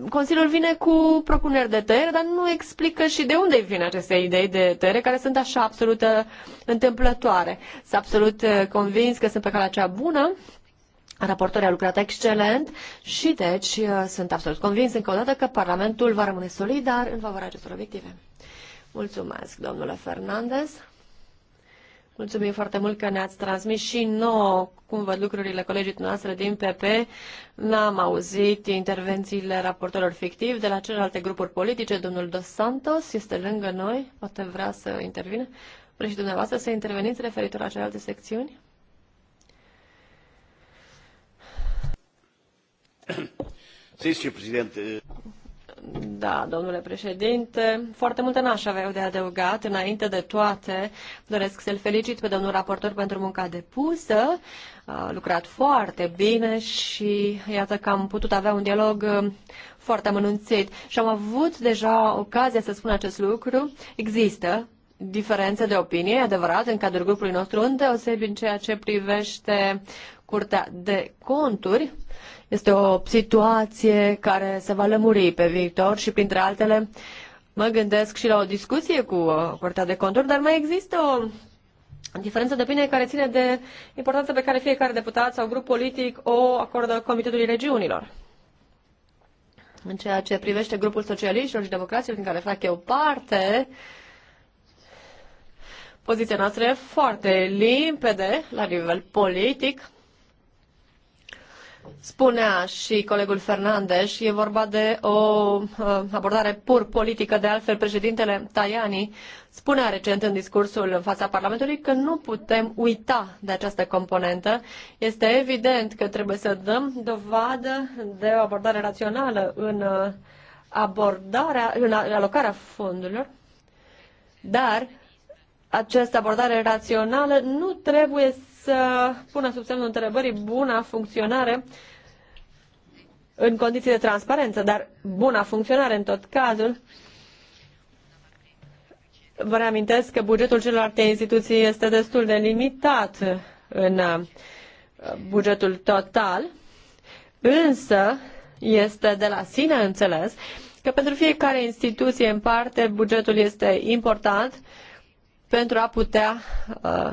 Consiliul vine cu propuneri de tăiere, dar nu explică și de unde vin aceste idei de tăiere, care sunt așa absolut uh, întâmplătoare. Sunt absolut uh, convins că sunt pe calea cea bună, Raportorii a lucrat excelent și deci sunt absolut convins încă o dată că Parlamentul va rămâne solidar în favoarea acestor obiective. Mulțumesc, domnule Fernandez. Mulțumim foarte mult că ne-ați transmis și nouă cum văd lucrurile colegii noastre din PP. N-am auzit intervențiile raportorilor fictiv. de la celelalte grupuri politice. Domnul Dos Santos este lângă noi, poate vrea să intervine. Vreți și dumneavoastră să interveniți referitor la celelalte secțiuni? Sí, señor presidente. Da, domnule președinte, foarte multe n-aș avea eu de adăugat. Înainte de toate, doresc să-l felicit pe domnul raportor pentru munca depusă. A lucrat foarte bine și iată că am putut avea un dialog um, foarte amănunțit. Și am avut deja ocazia să spun acest lucru. Există diferențe de opinie, e adevărat, în cadrul grupului nostru, îndeosebi în ceea ce privește Curtea de Conturi este o situație care se va lămuri pe viitor și, printre altele, mă gândesc și la o discuție cu uh, Curtea de Conturi, dar mai există o diferență de opinie care ține de importanța pe care fiecare deputat sau grup politic o acordă Comitetului Regiunilor. În ceea ce privește grupul socialiștilor și democraților din care fac eu parte, poziția noastră e foarte limpede la nivel politic spunea și colegul Fernandes, e vorba de o uh, abordare pur politică, de altfel președintele Tajani spunea recent în discursul în fața Parlamentului că nu putem uita de această componentă. Este evident că trebuie să dăm dovadă de o abordare rațională în uh, abordarea, în alocarea fondurilor, dar această abordare rațională nu trebuie să pună sub semnul întrebării buna funcționare în condiții de transparență, dar buna funcționare în tot cazul. Vă reamintesc că bugetul celorlalte instituții este destul de limitat în uh, bugetul total, însă este de la sine înțeles că pentru fiecare instituție în parte bugetul este important pentru a putea uh,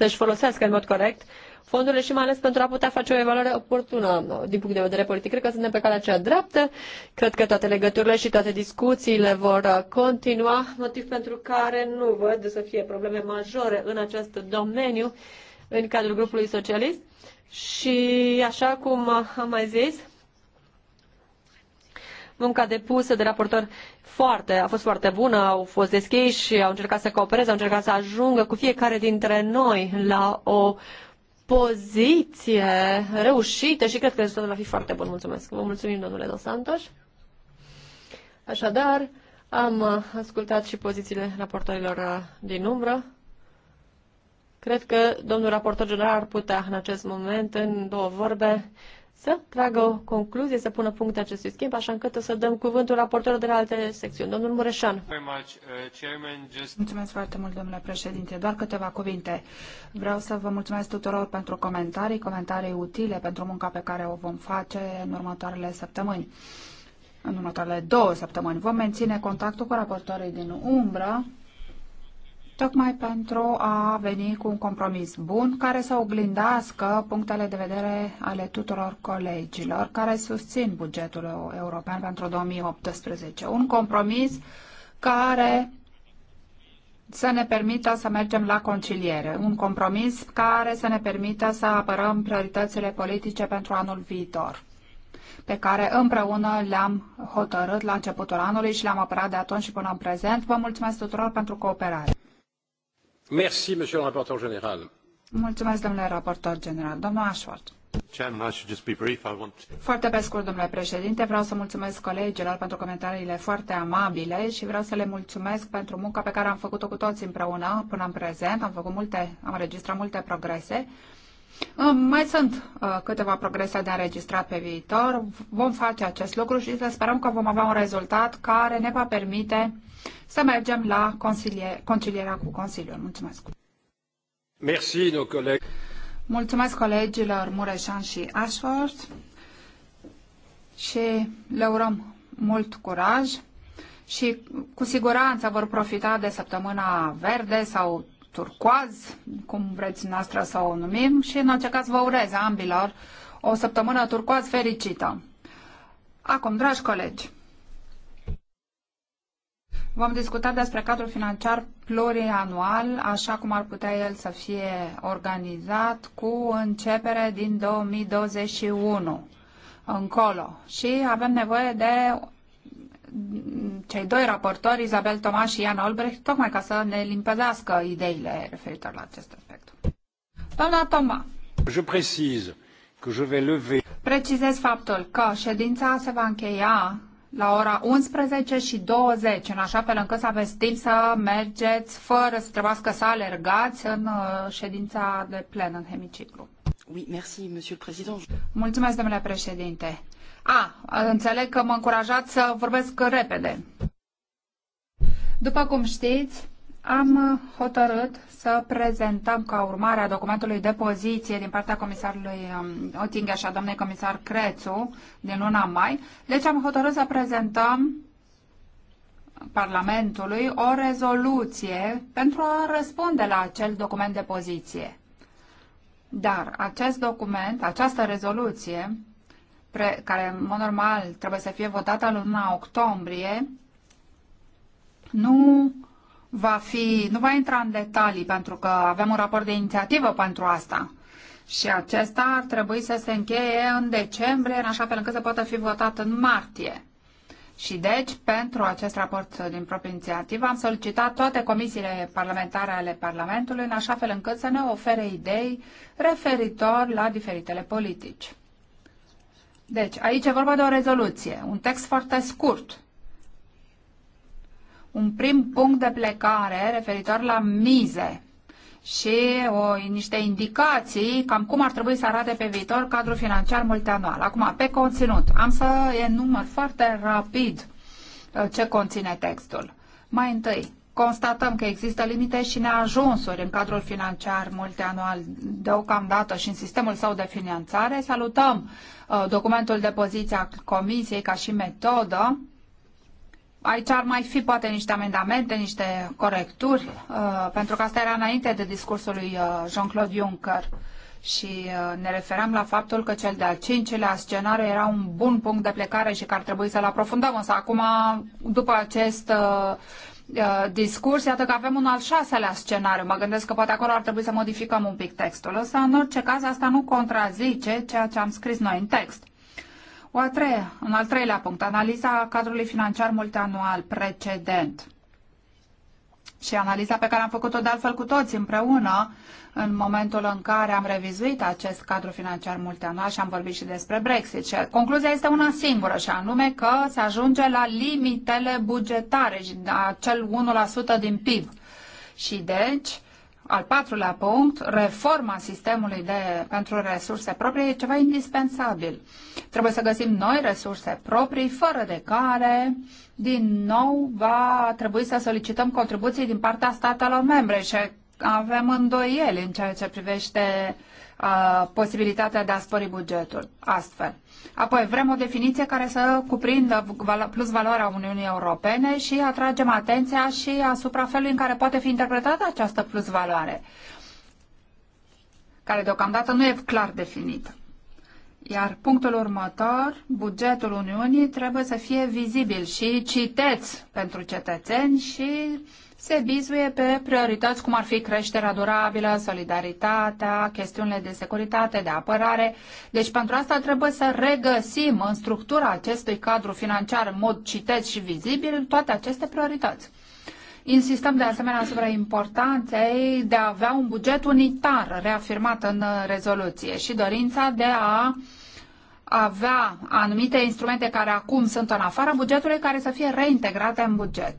să își folosească în mod corect fondurile și mai ales pentru a putea face o evaluare oportună din punct de vedere politic. Cred că suntem pe calea cea dreaptă, cred că toate legăturile și toate discuțiile vor continua, motiv pentru care nu văd să fie probleme majore în acest domeniu în cadrul grupului socialist. Și așa cum am mai zis, munca depusă de raportor foarte, a fost foarte bună, au fost deschiși, au încercat să coopereze, au încercat să ajungă cu fiecare dintre noi la o poziție reușită și cred că rezultatul va fi foarte bun. Mulțumesc. Vă mulțumim, domnule Dos Santos. Așadar, am ascultat și pozițiile raportorilor din umbră. Cred că domnul raportor general ar putea în acest moment, în două vorbe, să tragă o concluzie, să pună punct acestui schimb, așa încât o să dăm cuvântul raportorilor de la alte secțiuni. Domnul Mureșan. Mulțumesc foarte mult, domnule președinte. Doar câteva cuvinte. Vreau să vă mulțumesc tuturor pentru comentarii, comentarii utile pentru munca pe care o vom face în următoarele săptămâni. În următoarele două săptămâni vom menține contactul cu raportorii din umbră tocmai pentru a veni cu un compromis bun care să oglindească punctele de vedere ale tuturor colegilor care susțin bugetul european pentru 2018. Un compromis care să ne permită să mergem la conciliere, un compromis care să ne permită să apărăm prioritățile politice pentru anul viitor pe care împreună le-am hotărât la începutul anului și le-am apărat de atunci și până în prezent. Vă mulțumesc tuturor pentru cooperare. Foarte pe scurt, domnule președinte, vreau să mulțumesc colegilor pentru comentariile foarte amabile și vreau să le mulțumesc pentru munca pe care am făcut-o cu toți împreună până în prezent. Am făcut multe, am înregistrat multe progrese. Mai sunt uh, câteva progrese de înregistrat pe viitor. Vom face acest lucru și să sperăm că vom avea un rezultat care ne va permite să mergem la concilierea cu Consiliul. Mulțumesc! Merci, nos colegi. Mulțumesc colegilor Mureșan și Ashford, și le urăm mult curaj și cu siguranță vor profita de săptămâna verde sau turcoaz, cum vreți noastră să o numim, și în orice caz vă urez ambilor o săptămână turcoaz fericită. Acum, dragi colegi, Vom discuta despre cadrul financiar plurianual, așa cum ar putea el să fie organizat, cu începere din 2021 încolo. Și avem nevoie de cei doi raportori, Isabel Tomaș și Ian Olbrecht, tocmai ca să ne limpezească ideile referitor la acest aspect. Doamna Toma. Je precise que je vais lever... Precizez faptul că ședința se va încheia la ora 11 și 20, în așa fel încât să aveți timp să mergeți fără să trebuiască să alergați în uh, ședința de plen în hemiciclu. Oui, merci, monsieur le président. Mulțumesc, domnule președinte. A, înțeleg că mă încurajați să vorbesc repede. După cum știți, am uh, hotărât să prezentăm ca urmare a documentului de poziție din partea comisarului um, Otinga și a doamnei comisar Crețu din luna mai. Deci am hotărât să prezentăm Parlamentului o rezoluție pentru a răspunde la acel document de poziție. Dar acest document, această rezoluție, pre, care în mod normal trebuie să fie votată luna octombrie, nu va fi, nu va intra în detalii pentru că avem un raport de inițiativă pentru asta. Și acesta ar trebui să se încheie în decembrie, în așa fel încât să poată fi votat în martie. Și deci, pentru acest raport din proprie inițiativă, am solicitat toate comisiile parlamentare ale Parlamentului, în așa fel încât să ne ofere idei referitor la diferitele politici. Deci, aici e vorba de o rezoluție, un text foarte scurt, un prim punct de plecare referitor la mize și o, niște indicații cam cum ar trebui să arate pe viitor cadrul financiar multianual. Acum, pe conținut, am să enumăr foarte rapid uh, ce conține textul. Mai întâi, constatăm că există limite și neajunsuri în cadrul financiar multianual deocamdată și în sistemul său de finanțare. Salutăm uh, documentul de poziție a Comisiei ca și metodă Aici ar mai fi poate niște amendamente, niște corecturi, uh, pentru că asta era înainte de discursul lui uh, Jean-Claude Juncker și uh, ne referam la faptul că cel de-al cincilea scenariu era un bun punct de plecare și că ar trebui să-l aprofundăm. Însă acum, după acest uh, uh, discurs, iată că avem un al șaselea scenariu. Mă gândesc că poate acolo ar trebui să modificăm un pic textul. Însă, în orice caz, asta nu contrazice ceea ce am scris noi în text. O a treia, un al treilea punct, analiza cadrului financiar multianual precedent și analiza pe care am făcut-o de altfel cu toți împreună în momentul în care am revizuit acest cadru financiar multianual și am vorbit și despre Brexit. Și concluzia este una singură și anume că se ajunge la limitele bugetare, acel 1% din PIB. Și deci al patrulea punct, reforma sistemului de, pentru resurse proprii e ceva indispensabil. Trebuie să găsim noi resurse proprii, fără de care, din nou, va trebui să solicităm contribuții din partea statelor membre și avem îndoieli în ceea ce privește uh, posibilitatea de a spori bugetul astfel. Apoi, vrem o definiție care să cuprindă plus valoarea Uniunii Europene și atragem atenția și asupra felului în care poate fi interpretată această plus valoare, care deocamdată nu e clar definită. Iar punctul următor, bugetul Uniunii trebuie să fie vizibil și citeți pentru cetățeni și se bizuie pe priorități cum ar fi creșterea durabilă, solidaritatea, chestiunile de securitate, de apărare. Deci pentru asta trebuie să regăsim în structura acestui cadru financiar în mod citet și vizibil toate aceste priorități. Insistăm de asemenea asupra importanței de a avea un buget unitar reafirmat în rezoluție și dorința de a avea anumite instrumente care acum sunt în afara bugetului care să fie reintegrate în buget.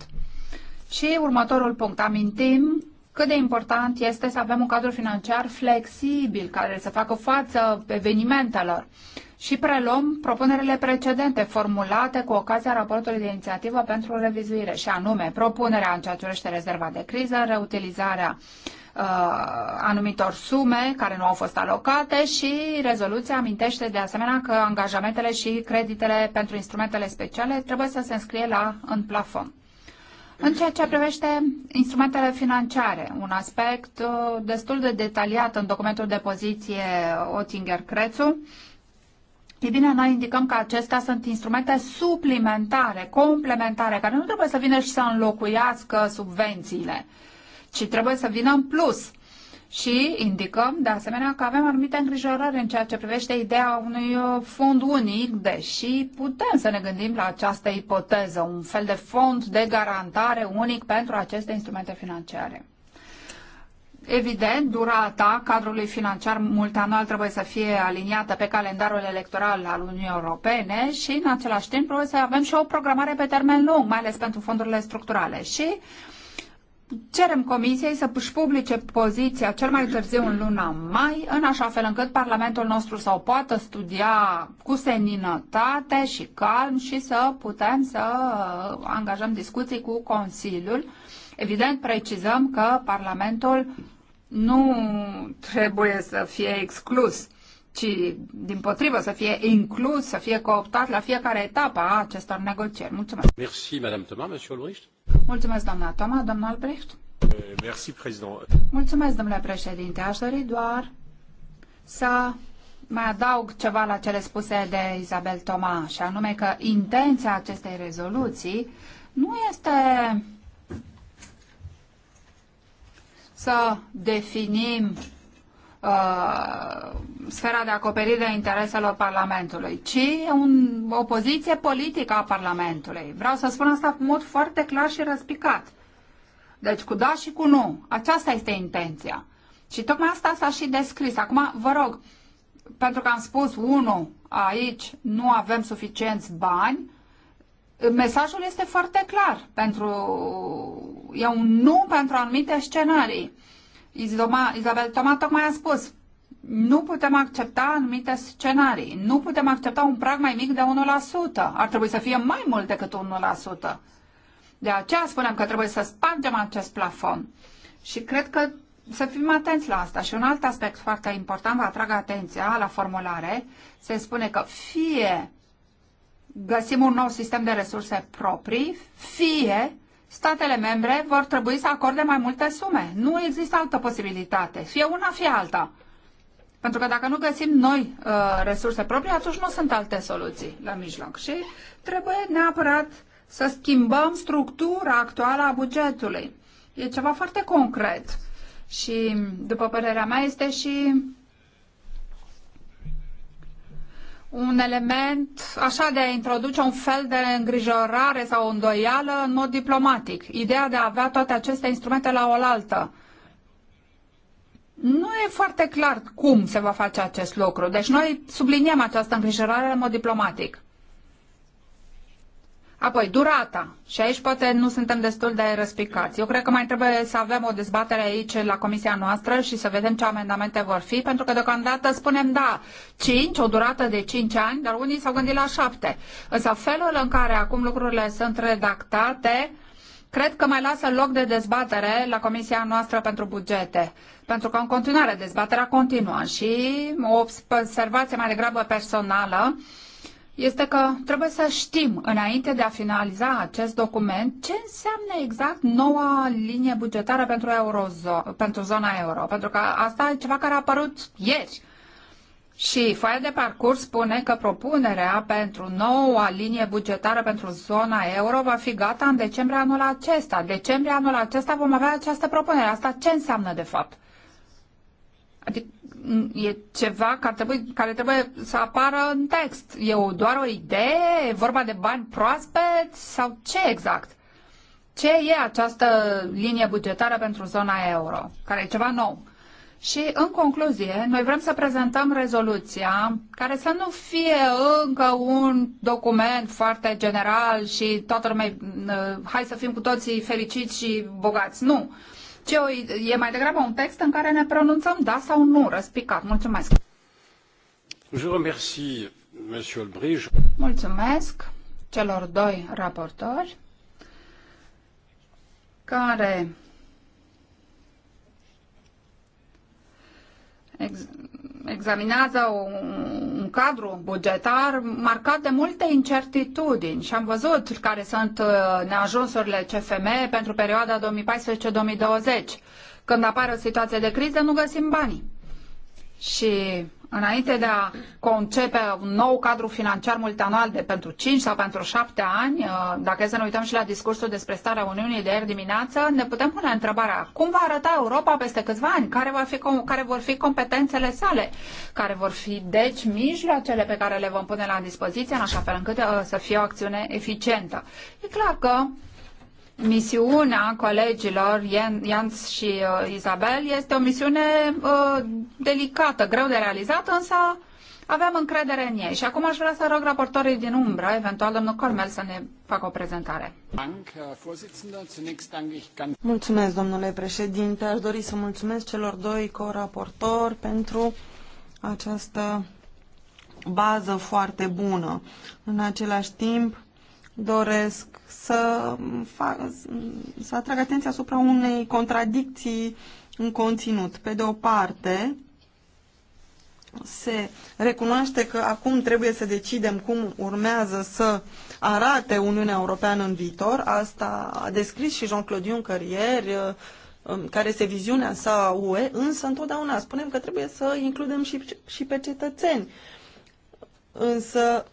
Și următorul punct, amintim cât de important este să avem un cadru financiar flexibil care să facă față evenimentelor și preluăm propunerile precedente formulate cu ocazia raportului de inițiativă pentru revizuire, și anume propunerea în ceea ce urește rezerva de criză, reutilizarea uh, anumitor sume care nu au fost alocate și rezoluția amintește de asemenea că angajamentele și creditele pentru instrumentele speciale trebuie să se înscrie la în plafon. În ceea ce privește instrumentele financiare, un aspect uh, destul de detaliat în documentul de poziție Oettinger-Crețu, E bine, noi indicăm că acestea sunt instrumente suplimentare, complementare, care nu trebuie să vină și să înlocuiască subvențiile, ci trebuie să vină în plus și indicăm de asemenea că avem anumite îngrijorări în ceea ce privește ideea unui uh, fond unic, deși putem să ne gândim la această ipoteză, un fel de fond de garantare unic pentru aceste instrumente financiare. Evident, durata cadrului financiar multianual trebuie să fie aliniată pe calendarul electoral al Uniunii Europene și, în același timp, trebuie să avem și o programare pe termen lung, mai ales pentru fondurile structurale. Și uh, cerem Comisiei să își publice poziția cel mai târziu în luna mai, în așa fel încât Parlamentul nostru să o poată studia cu seninătate și calm și să putem să angajăm discuții cu Consiliul. Evident, precizăm că Parlamentul nu trebuie să fie exclus, ci din potrivă să fie inclus, să fie cooptat la fiecare etapă a acestor negocieri. Mulțumesc. Merci, Madame Thomas, Monsieur Ulrich. Mulțumesc, doamna Toma. Doamna Albrecht? Eh, merci, president. Mulțumesc, domnule președinte. Aș dori doar să mai adaug ceva la cele spuse de Isabel Toma, și anume că intenția acestei rezoluții nu este să definim Uh, sfera de acoperire a intereselor Parlamentului, ci un, o poziție politică a Parlamentului. Vreau să spun asta în mod foarte clar și răspicat. Deci cu da și cu nu. Aceasta este intenția. Și tocmai asta s-a și descris. Acum, vă rog, pentru că am spus, unu, aici nu avem suficienți bani, mesajul este foarte clar. Pentru, e un nu pentru anumite scenarii. Izoma, Isabel Toma tocmai a spus, nu putem accepta anumite scenarii, nu putem accepta un prag mai mic de 1%, ar trebui să fie mai mult decât 1%. De aceea spunem că trebuie să spargem acest plafon. Și cred că să fim atenți la asta. Și un alt aspect foarte important, vă atrag atenția la formulare, se spune că fie găsim un nou sistem de resurse proprii, fie statele membre vor trebui să acorde mai multe sume. Nu există altă posibilitate, fie una, fie alta. Pentru că dacă nu găsim noi uh, resurse proprii, atunci nu sunt alte soluții la mijloc. Și trebuie neapărat să schimbăm structura actuală a bugetului. E ceva foarte concret. Și, după părerea mea, este și un element așa de a introduce un fel de îngrijorare sau îndoială în mod diplomatic. Ideea de a avea toate aceste instrumente la oaltă. Nu e foarte clar cum se va face acest lucru. Deci noi subliniem această îngrijorare în mod diplomatic. Apoi, durata. Și aici poate nu suntem destul de răspicați. Eu cred că mai trebuie să avem o dezbatere aici la comisia noastră și să vedem ce amendamente vor fi, pentru că deocamdată spunem da, 5, o durată de 5 ani, dar unii s-au gândit la 7. Însă felul în care acum lucrurile sunt redactate, cred că mai lasă loc de dezbatere la comisia noastră pentru bugete. Pentru că în continuare dezbaterea continuă și o observație mai degrabă personală, uh, este că trebuie să știm, înainte de a finaliza acest document, ce înseamnă exact noua linie bugetară pentru, eurozo- pentru zona euro. Pentru că asta e ceva care a apărut ieri. Și foaia de parcurs spune că propunerea pentru noua linie bugetară pentru zona euro va fi gata în decembrie anul acesta. Decembrie anul acesta vom avea această propunere. Asta ce înseamnă de fapt? Adică e ceva care trebuie, care trebuie să apară în text. E o, doar o idee? E vorba de bani proaspeți? Sau ce exact? Ce e această linie bugetară pentru zona euro? Care e ceva nou. Și, în concluzie, noi vrem să prezentăm rezoluția care să nu fie încă un document foarte general și toată lumea, uh, hai să fim cu toții fericiți și bogați. Nu. Ce o, e mai degrabă un text în care ne pronunțăm da sau nu, răspicat. Mulțumesc! Je remercie, monsieur Brige. Mulțumesc celor doi raportori care examinează un, cadru bugetar marcat de multe incertitudini și am văzut care sunt uh, neajunsurile CFM pentru perioada 2014-2020. Când apare o situație de criză, nu găsim banii. Și înainte de a concepe un nou cadru financiar multianual de pentru 5 sau pentru 7 ani, uh, dacă e să ne uităm și la discursul despre starea Uniunii de ieri dimineață, ne putem pune întrebarea cum va arăta Europa peste câțiva ani, care, va fi, care vor fi competențele sale, care vor fi, deci, mijloacele pe care le vom pune la dispoziție, în așa fel încât uh, să fie o acțiune eficientă. E clar că misiunea colegilor Jans și uh, Isabel este o misiune uh, delicată, greu de realizat, însă aveam încredere în ei. Și acum aș vrea să rog raportorii din umbră, eventual domnul Cormel, să ne facă o prezentare. Mulțumesc, domnule președinte. Aș dori să mulțumesc celor doi co-raportori pentru această bază foarte bună. În același timp, doresc să, fac, să atrag atenția asupra unei contradicții în conținut. Pe de o parte, se recunoaște că acum trebuie să decidem cum urmează să arate Uniunea Europeană în viitor. Asta a descris și Jean-Claude Juncker ieri, um, care este viziunea sa UE, însă întotdeauna spunem că trebuie să includem și, și pe cetățeni. Însă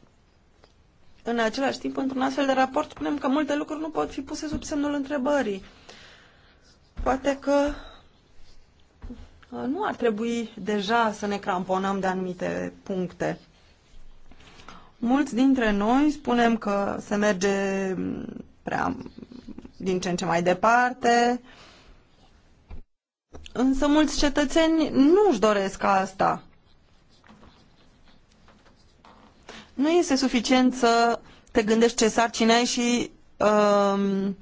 în același timp, într-un astfel de raport, spunem că multe lucruri nu pot fi puse sub semnul întrebării. Poate că uh, nu ar trebui deja să ne cramponăm de anumite puncte. Mulți dintre noi spunem că se merge mm, prea mm, din ce în ce mai departe, însă mulți cetățeni nu își doresc asta. Nu este suficient să te gândești ce sarcini ai și um,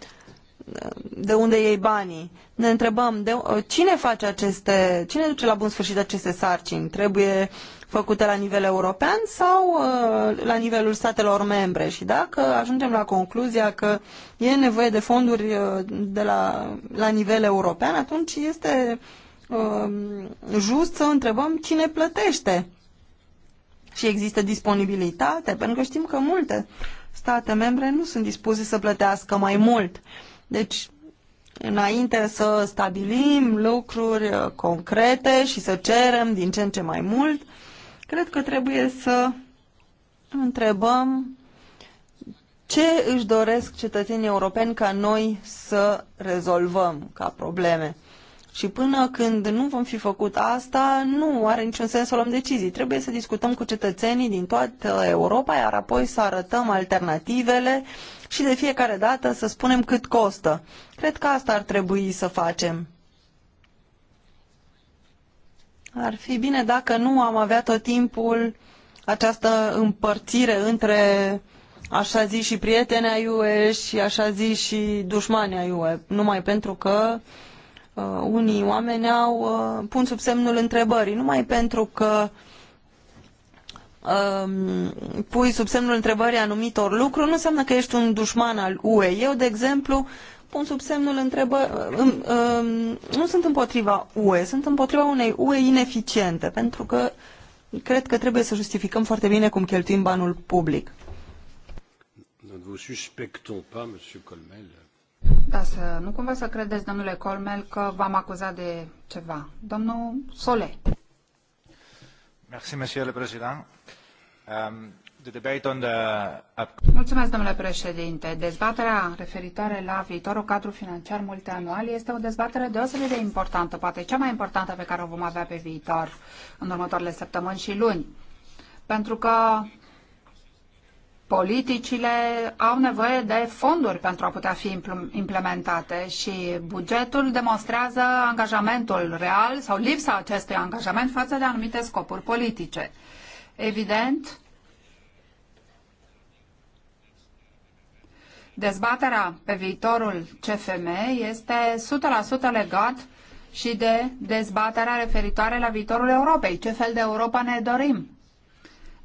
de unde iei banii. Ne întrebăm de, uh, cine face aceste, cine duce la bun sfârșit aceste sarcini? Trebuie făcute la nivel european sau uh, la nivelul statelor membre și dacă ajungem la concluzia că e nevoie de fonduri uh, de la, la nivel european, atunci este uh, just să întrebăm cine plătește și există disponibilitate, pentru că știm că multe state membre nu sunt dispuse să plătească mai mult. Deci, înainte să stabilim lucruri uh, concrete și să cerem din ce în ce mai mult, cred că trebuie să întrebăm ce își doresc cetățenii europeni ca noi să rezolvăm ca probleme. Și până când nu vom fi făcut asta, nu are niciun sens să luăm decizii. Trebuie să discutăm cu cetățenii din toată Europa, iar apoi să arătăm alternativele și de fiecare dată să spunem cât costă. Cred că asta ar trebui să facem. Ar fi bine dacă nu am avea tot timpul această împărțire între așa zi și prieteni ai UE și așa zi și dușmani ai UE, numai pentru că uh, unii oameni au, uh, pun sub semnul întrebării, numai pentru că um, pui sub semnul întrebării anumitor lucruri, nu înseamnă că ești un dușman al UE. Eu, de exemplu, pun sub semnul întrebării, um, um, nu sunt împotriva UE, sunt împotriva unei UE ineficiente, pentru că cred că trebuie să justificăm foarte bine cum cheltuim banul public. Ne vous suspectons monsieur Colmel. Da, să nu cumva să credeți, domnule Colmel, că v-am acuzat de ceva. Domnul Sole. Merci, monsieur le président. Um, the debate on the... Mulțumesc, domnule președinte. Dezbaterea referitoare la viitorul cadru financiar multianual este o dezbatere deosebit de importantă, poate cea mai importantă pe care o vom avea pe viitor în următoarele săptămâni și luni. Pentru că politicile au nevoie de fonduri pentru a putea fi implementate și bugetul demonstrează angajamentul real sau lipsa acestui angajament față de anumite scopuri politice. Evident, dezbaterea pe viitorul CFM este 100% legat și de dezbaterea referitoare la viitorul Europei. Ce fel de Europa ne dorim?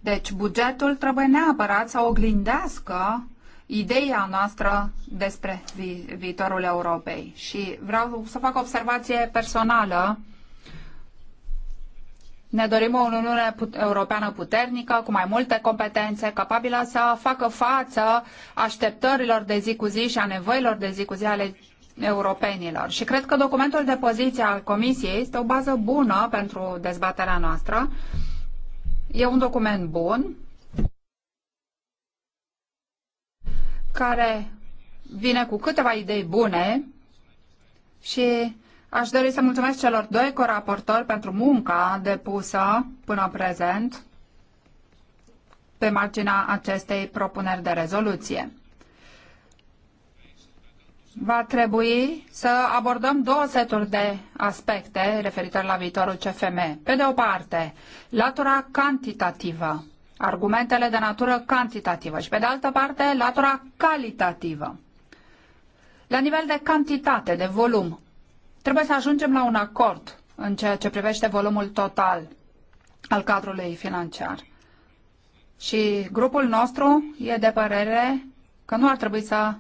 Deci bugetul trebuie neapărat să oglindească ideea noastră despre vi viitorul Europei. Și vreau să fac o observație personală. Ne dorim o Uniune Europeană puternică, cu mai multe competențe, capabilă să facă față așteptărilor de zi cu zi și a nevoilor de zi cu zi ale europenilor. Și cred că documentul de poziție al Comisiei este o bază bună pentru dezbaterea noastră E un document bun care vine cu câteva idei bune și aș dori să mulțumesc celor doi coraportori pentru munca depusă până prezent pe marginea acestei propuneri de rezoluție va trebui să abordăm două seturi de aspecte referitor la viitorul CFM. Pe de o parte, latura cantitativă, argumentele de natură cantitativă și pe de altă parte, latura calitativă. La nivel de cantitate, de volum, trebuie să ajungem la un acord în ceea ce privește volumul total al cadrului financiar. Și grupul nostru e de părere că nu ar trebui să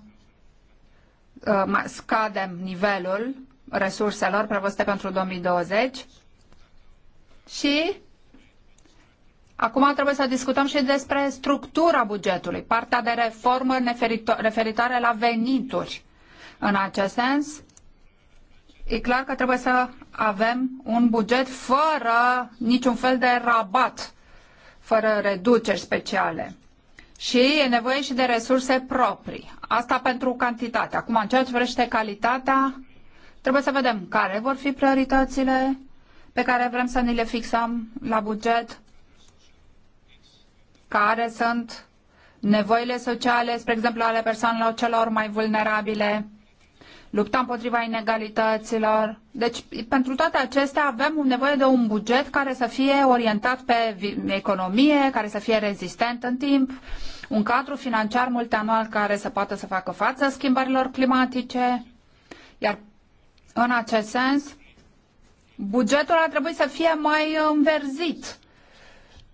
Uh, scadem nivelul resurselor prevăzute pentru 2020 și Acum trebuie să discutăm și despre structura bugetului, partea de reformă referitoare la venituri. În acest sens, e clar că trebuie să avem un buget fără niciun fel de rabat, fără reduceri speciale și e nevoie și de resurse proprii. Asta pentru cantitate. Acum, în ceea ce vrește calitatea, trebuie să vedem care vor fi prioritățile pe care vrem să ni le fixăm la buget, care sunt nevoile sociale, spre exemplu, ale persoanelor celor mai vulnerabile, lupta împotriva inegalităților. Deci, pentru toate acestea avem nevoie de un buget care să fie orientat pe economie, care să fie rezistent în timp, un cadru financiar multianual care să poată să facă față schimbărilor climatice, iar în acest sens, bugetul ar trebui să fie mai înverzit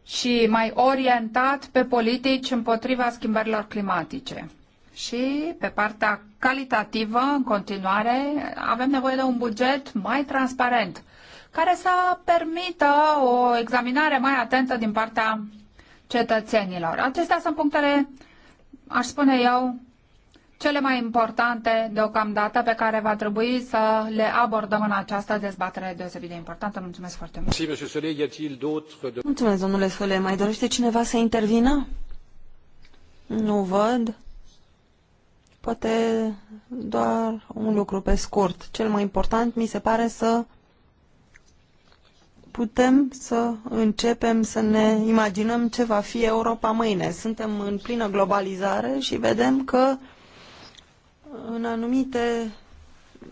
și mai orientat pe politici împotriva schimbărilor climatice. Și pe partea calitativă, în continuare, avem nevoie de un buget mai transparent, care să permită o examinare mai atentă din partea cetățenilor. Acestea sunt punctele, aș spune eu, cele mai importante deocamdată pe care va trebui să le abordăm în această dezbatere deosebit de importantă. Mulțumesc foarte mult. Mulțumesc, domnule Sole. Mai dorește cineva să intervină? Nu văd. Poate doar un lucru pe scurt. Cel mai important mi se pare să putem să începem să ne imaginăm ce va fi Europa mâine. Suntem în plină globalizare și vedem că în anumite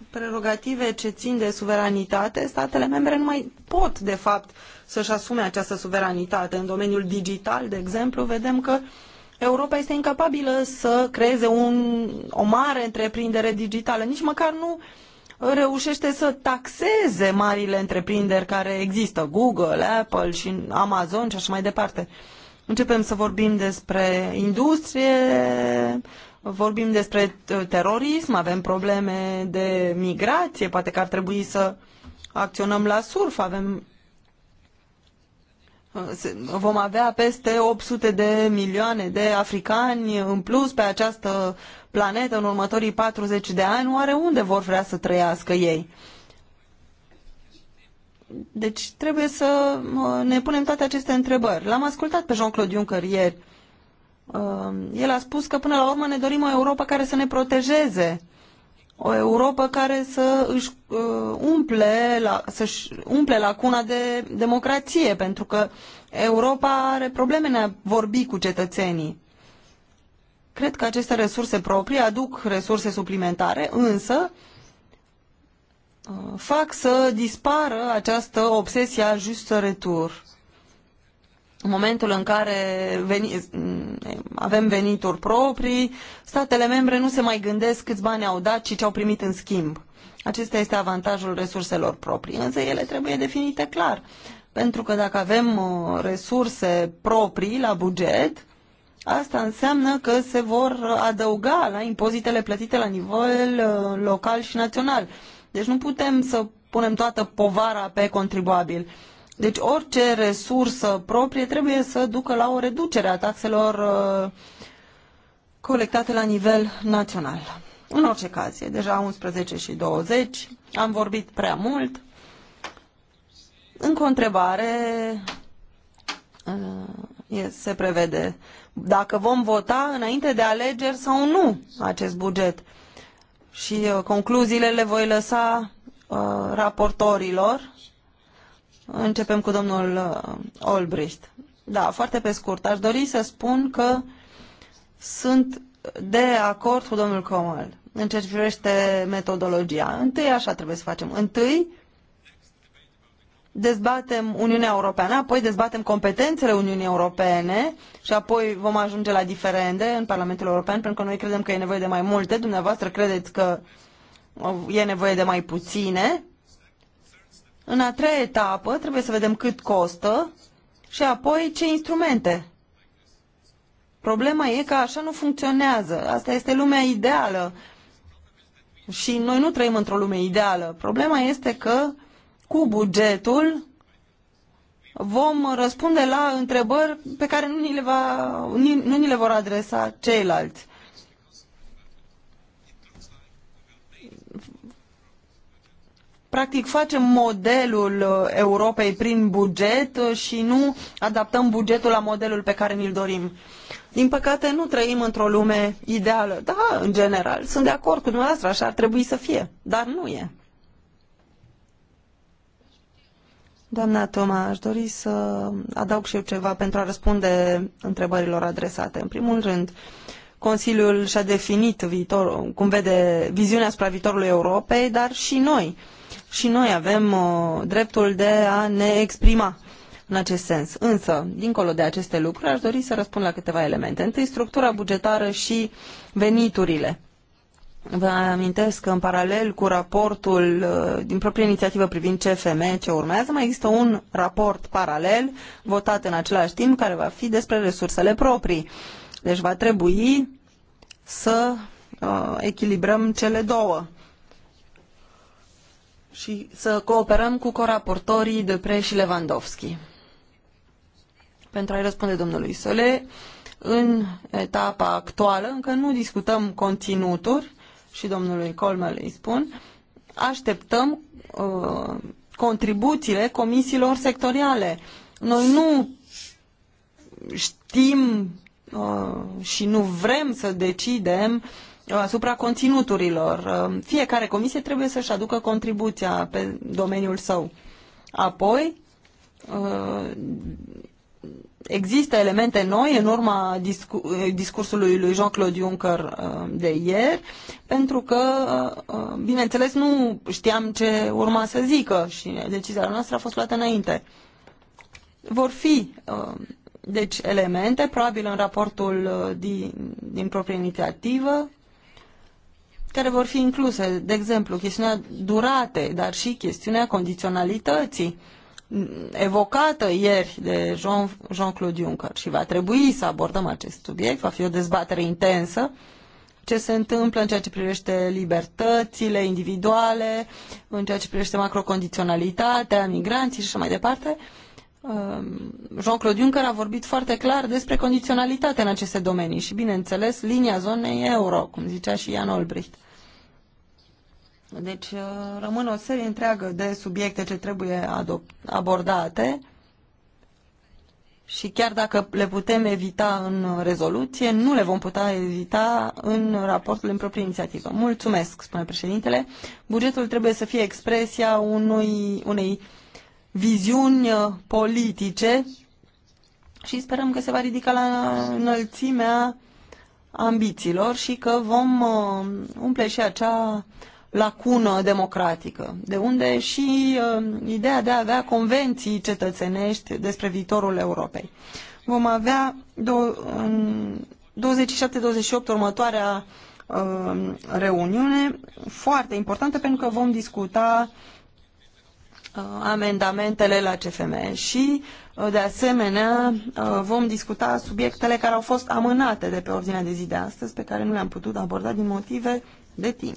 prerogative ce țin de suveranitate, statele membre nu mai pot, de fapt, să-și asume această suveranitate. În domeniul digital, de exemplu, vedem că Europa este incapabilă să creeze un, o mare întreprindere digitală, nici măcar nu reușește să taxeze marile întreprinderi care există, Google, Apple și Amazon și așa mai departe. Începem să vorbim despre industrie, vorbim despre terorism, avem probleme de migrație, poate că ar trebui să acționăm la surf, avem Uh, vom avea peste 800 de milioane de africani în plus pe această planetă în următorii 40 de ani, oare unde vor vrea să trăiască ei? Deci trebuie să uh, ne punem toate aceste întrebări. L-am ascultat pe Jean-Claude Juncker ieri. Uh, el a spus că până la urmă ne dorim o Europa care să ne protejeze o Europa care să își uh, umple, la, să-și umple lacuna de democrație, pentru că Europa are probleme în a vorbi cu cetățenii. Cred că aceste resurse proprii aduc resurse suplimentare, însă uh, fac să dispară această obsesie a justă retur în momentul în care veni, avem venituri proprii, statele membre nu se mai gândesc câți bani au dat, ci ce au primit în schimb. Acesta este avantajul resurselor proprii, însă ele trebuie definite clar. Pentru că dacă avem uh, resurse proprii la buget, asta înseamnă că se vor adăuga la impozitele plătite la nivel uh, local și național. Deci nu putem să punem toată povara pe contribuabil deci orice resursă proprie trebuie să ducă la o reducere a taxelor uh, colectate la nivel național. În orice caz, e deja 11 și 20, am vorbit prea mult. În întrebare uh, se prevede dacă vom vota înainte de alegeri sau nu acest buget. Și uh, concluziile le voi lăsa raportorilor Începem cu domnul uh, Olbricht. Da, foarte pe scurt. Aș dori să spun că sunt de acord cu domnul Comal în ceea ce privește metodologia. Întâi așa trebuie să facem. Întâi dezbatem Uniunea Europeană, apoi dezbatem competențele Uniunii Europene și apoi vom ajunge la diferende în Parlamentul European, pentru că noi credem că e nevoie de mai multe, dumneavoastră credeți că uh, e nevoie de mai puține în a treia etapă trebuie să vedem cât costă și apoi ce instrumente. Problema e că așa nu funcționează. Asta este lumea ideală. Și noi nu trăim într-o lume ideală. Problema este că cu bugetul vom răspunde la întrebări pe care nu ni le, va, nu ni le vor adresa ceilalți. practic facem modelul uh, Europei prin buget uh, și nu adaptăm bugetul la modelul pe care ni-l dorim. Din păcate, nu trăim într-o lume ideală. Da, în general, sunt de acord cu dumneavoastră, așa ar trebui să fie, dar nu e. Doamna Toma, aș dori să adaug și eu ceva pentru a răspunde întrebărilor adresate. În primul rând, Consiliul și-a definit viitor, cum vede viziunea asupra viitorului Europei, dar și noi și noi avem uh, dreptul de a ne exprima în acest sens. Însă, dincolo de aceste lucruri, aș dori să răspund la câteva elemente. Întâi, structura bugetară și veniturile. Vă amintesc că în paralel cu raportul uh, din proprie inițiativă privind CFM ce urmează, mai există un raport paralel votat în același timp care va fi despre resursele proprii. Deci va trebui să uh, echilibrăm cele două și să cooperăm cu coraportorii Depre și Lewandowski. Pentru a-i răspunde domnului Sole, în etapa actuală încă nu discutăm conținuturi și domnului Colmel îi spun, așteptăm uh, contribuțiile comisiilor sectoriale. Noi nu știm uh, și nu vrem să decidem uh, Uh, asupra conținuturilor. Uh, fiecare comisie trebuie să-și aducă contribuția pe domeniul său. Apoi, uh, există elemente noi în urma discursului lui Jean-Claude Juncker de ieri, pentru că, bineînțeles, nu știam ce urma să zică și decizia noastră a fost luată înainte. Vor fi, deci, elemente, probabil în raportul din, din proprie inițiativă, care vor fi incluse, de exemplu, chestiunea duratei, dar și chestiunea condiționalității evocată ieri de Jean, Jean-Claude Juncker și va trebui să abordăm acest subiect, va fi o dezbatere intensă, ce se întâmplă în ceea ce privește libertățile individuale, în ceea ce privește macrocondiționalitatea, migranții și așa mai departe. Um, Jean-Claude Juncker a vorbit foarte clar despre condiționalitate în aceste domenii și, bineînțeles, linia zonei euro, cum zicea și Ian Olbricht. Deci uh, rămân o serie întreagă de subiecte ce trebuie abordate și chiar dacă le putem evita în rezoluție, nu le vom putea evita în raportul în proprie inițiativă. Mulțumesc, spune președintele. Bugetul trebuie să fie expresia unui, unei viziuni uh, politice și sperăm că se va ridica la înălțimea ambițiilor și că vom uh, umple și acea lacună democratică, de unde și uh, ideea de a avea convenții cetățenești despre viitorul Europei. Vom avea în 27-28 următoarea uh, reuniune foarte importantă pentru că vom discuta uh, amendamentele la CFM și uh, de asemenea uh, vom discuta subiectele care au fost amânate de pe ordinea de zi de astăzi pe care nu le-am putut aborda din motive de timp.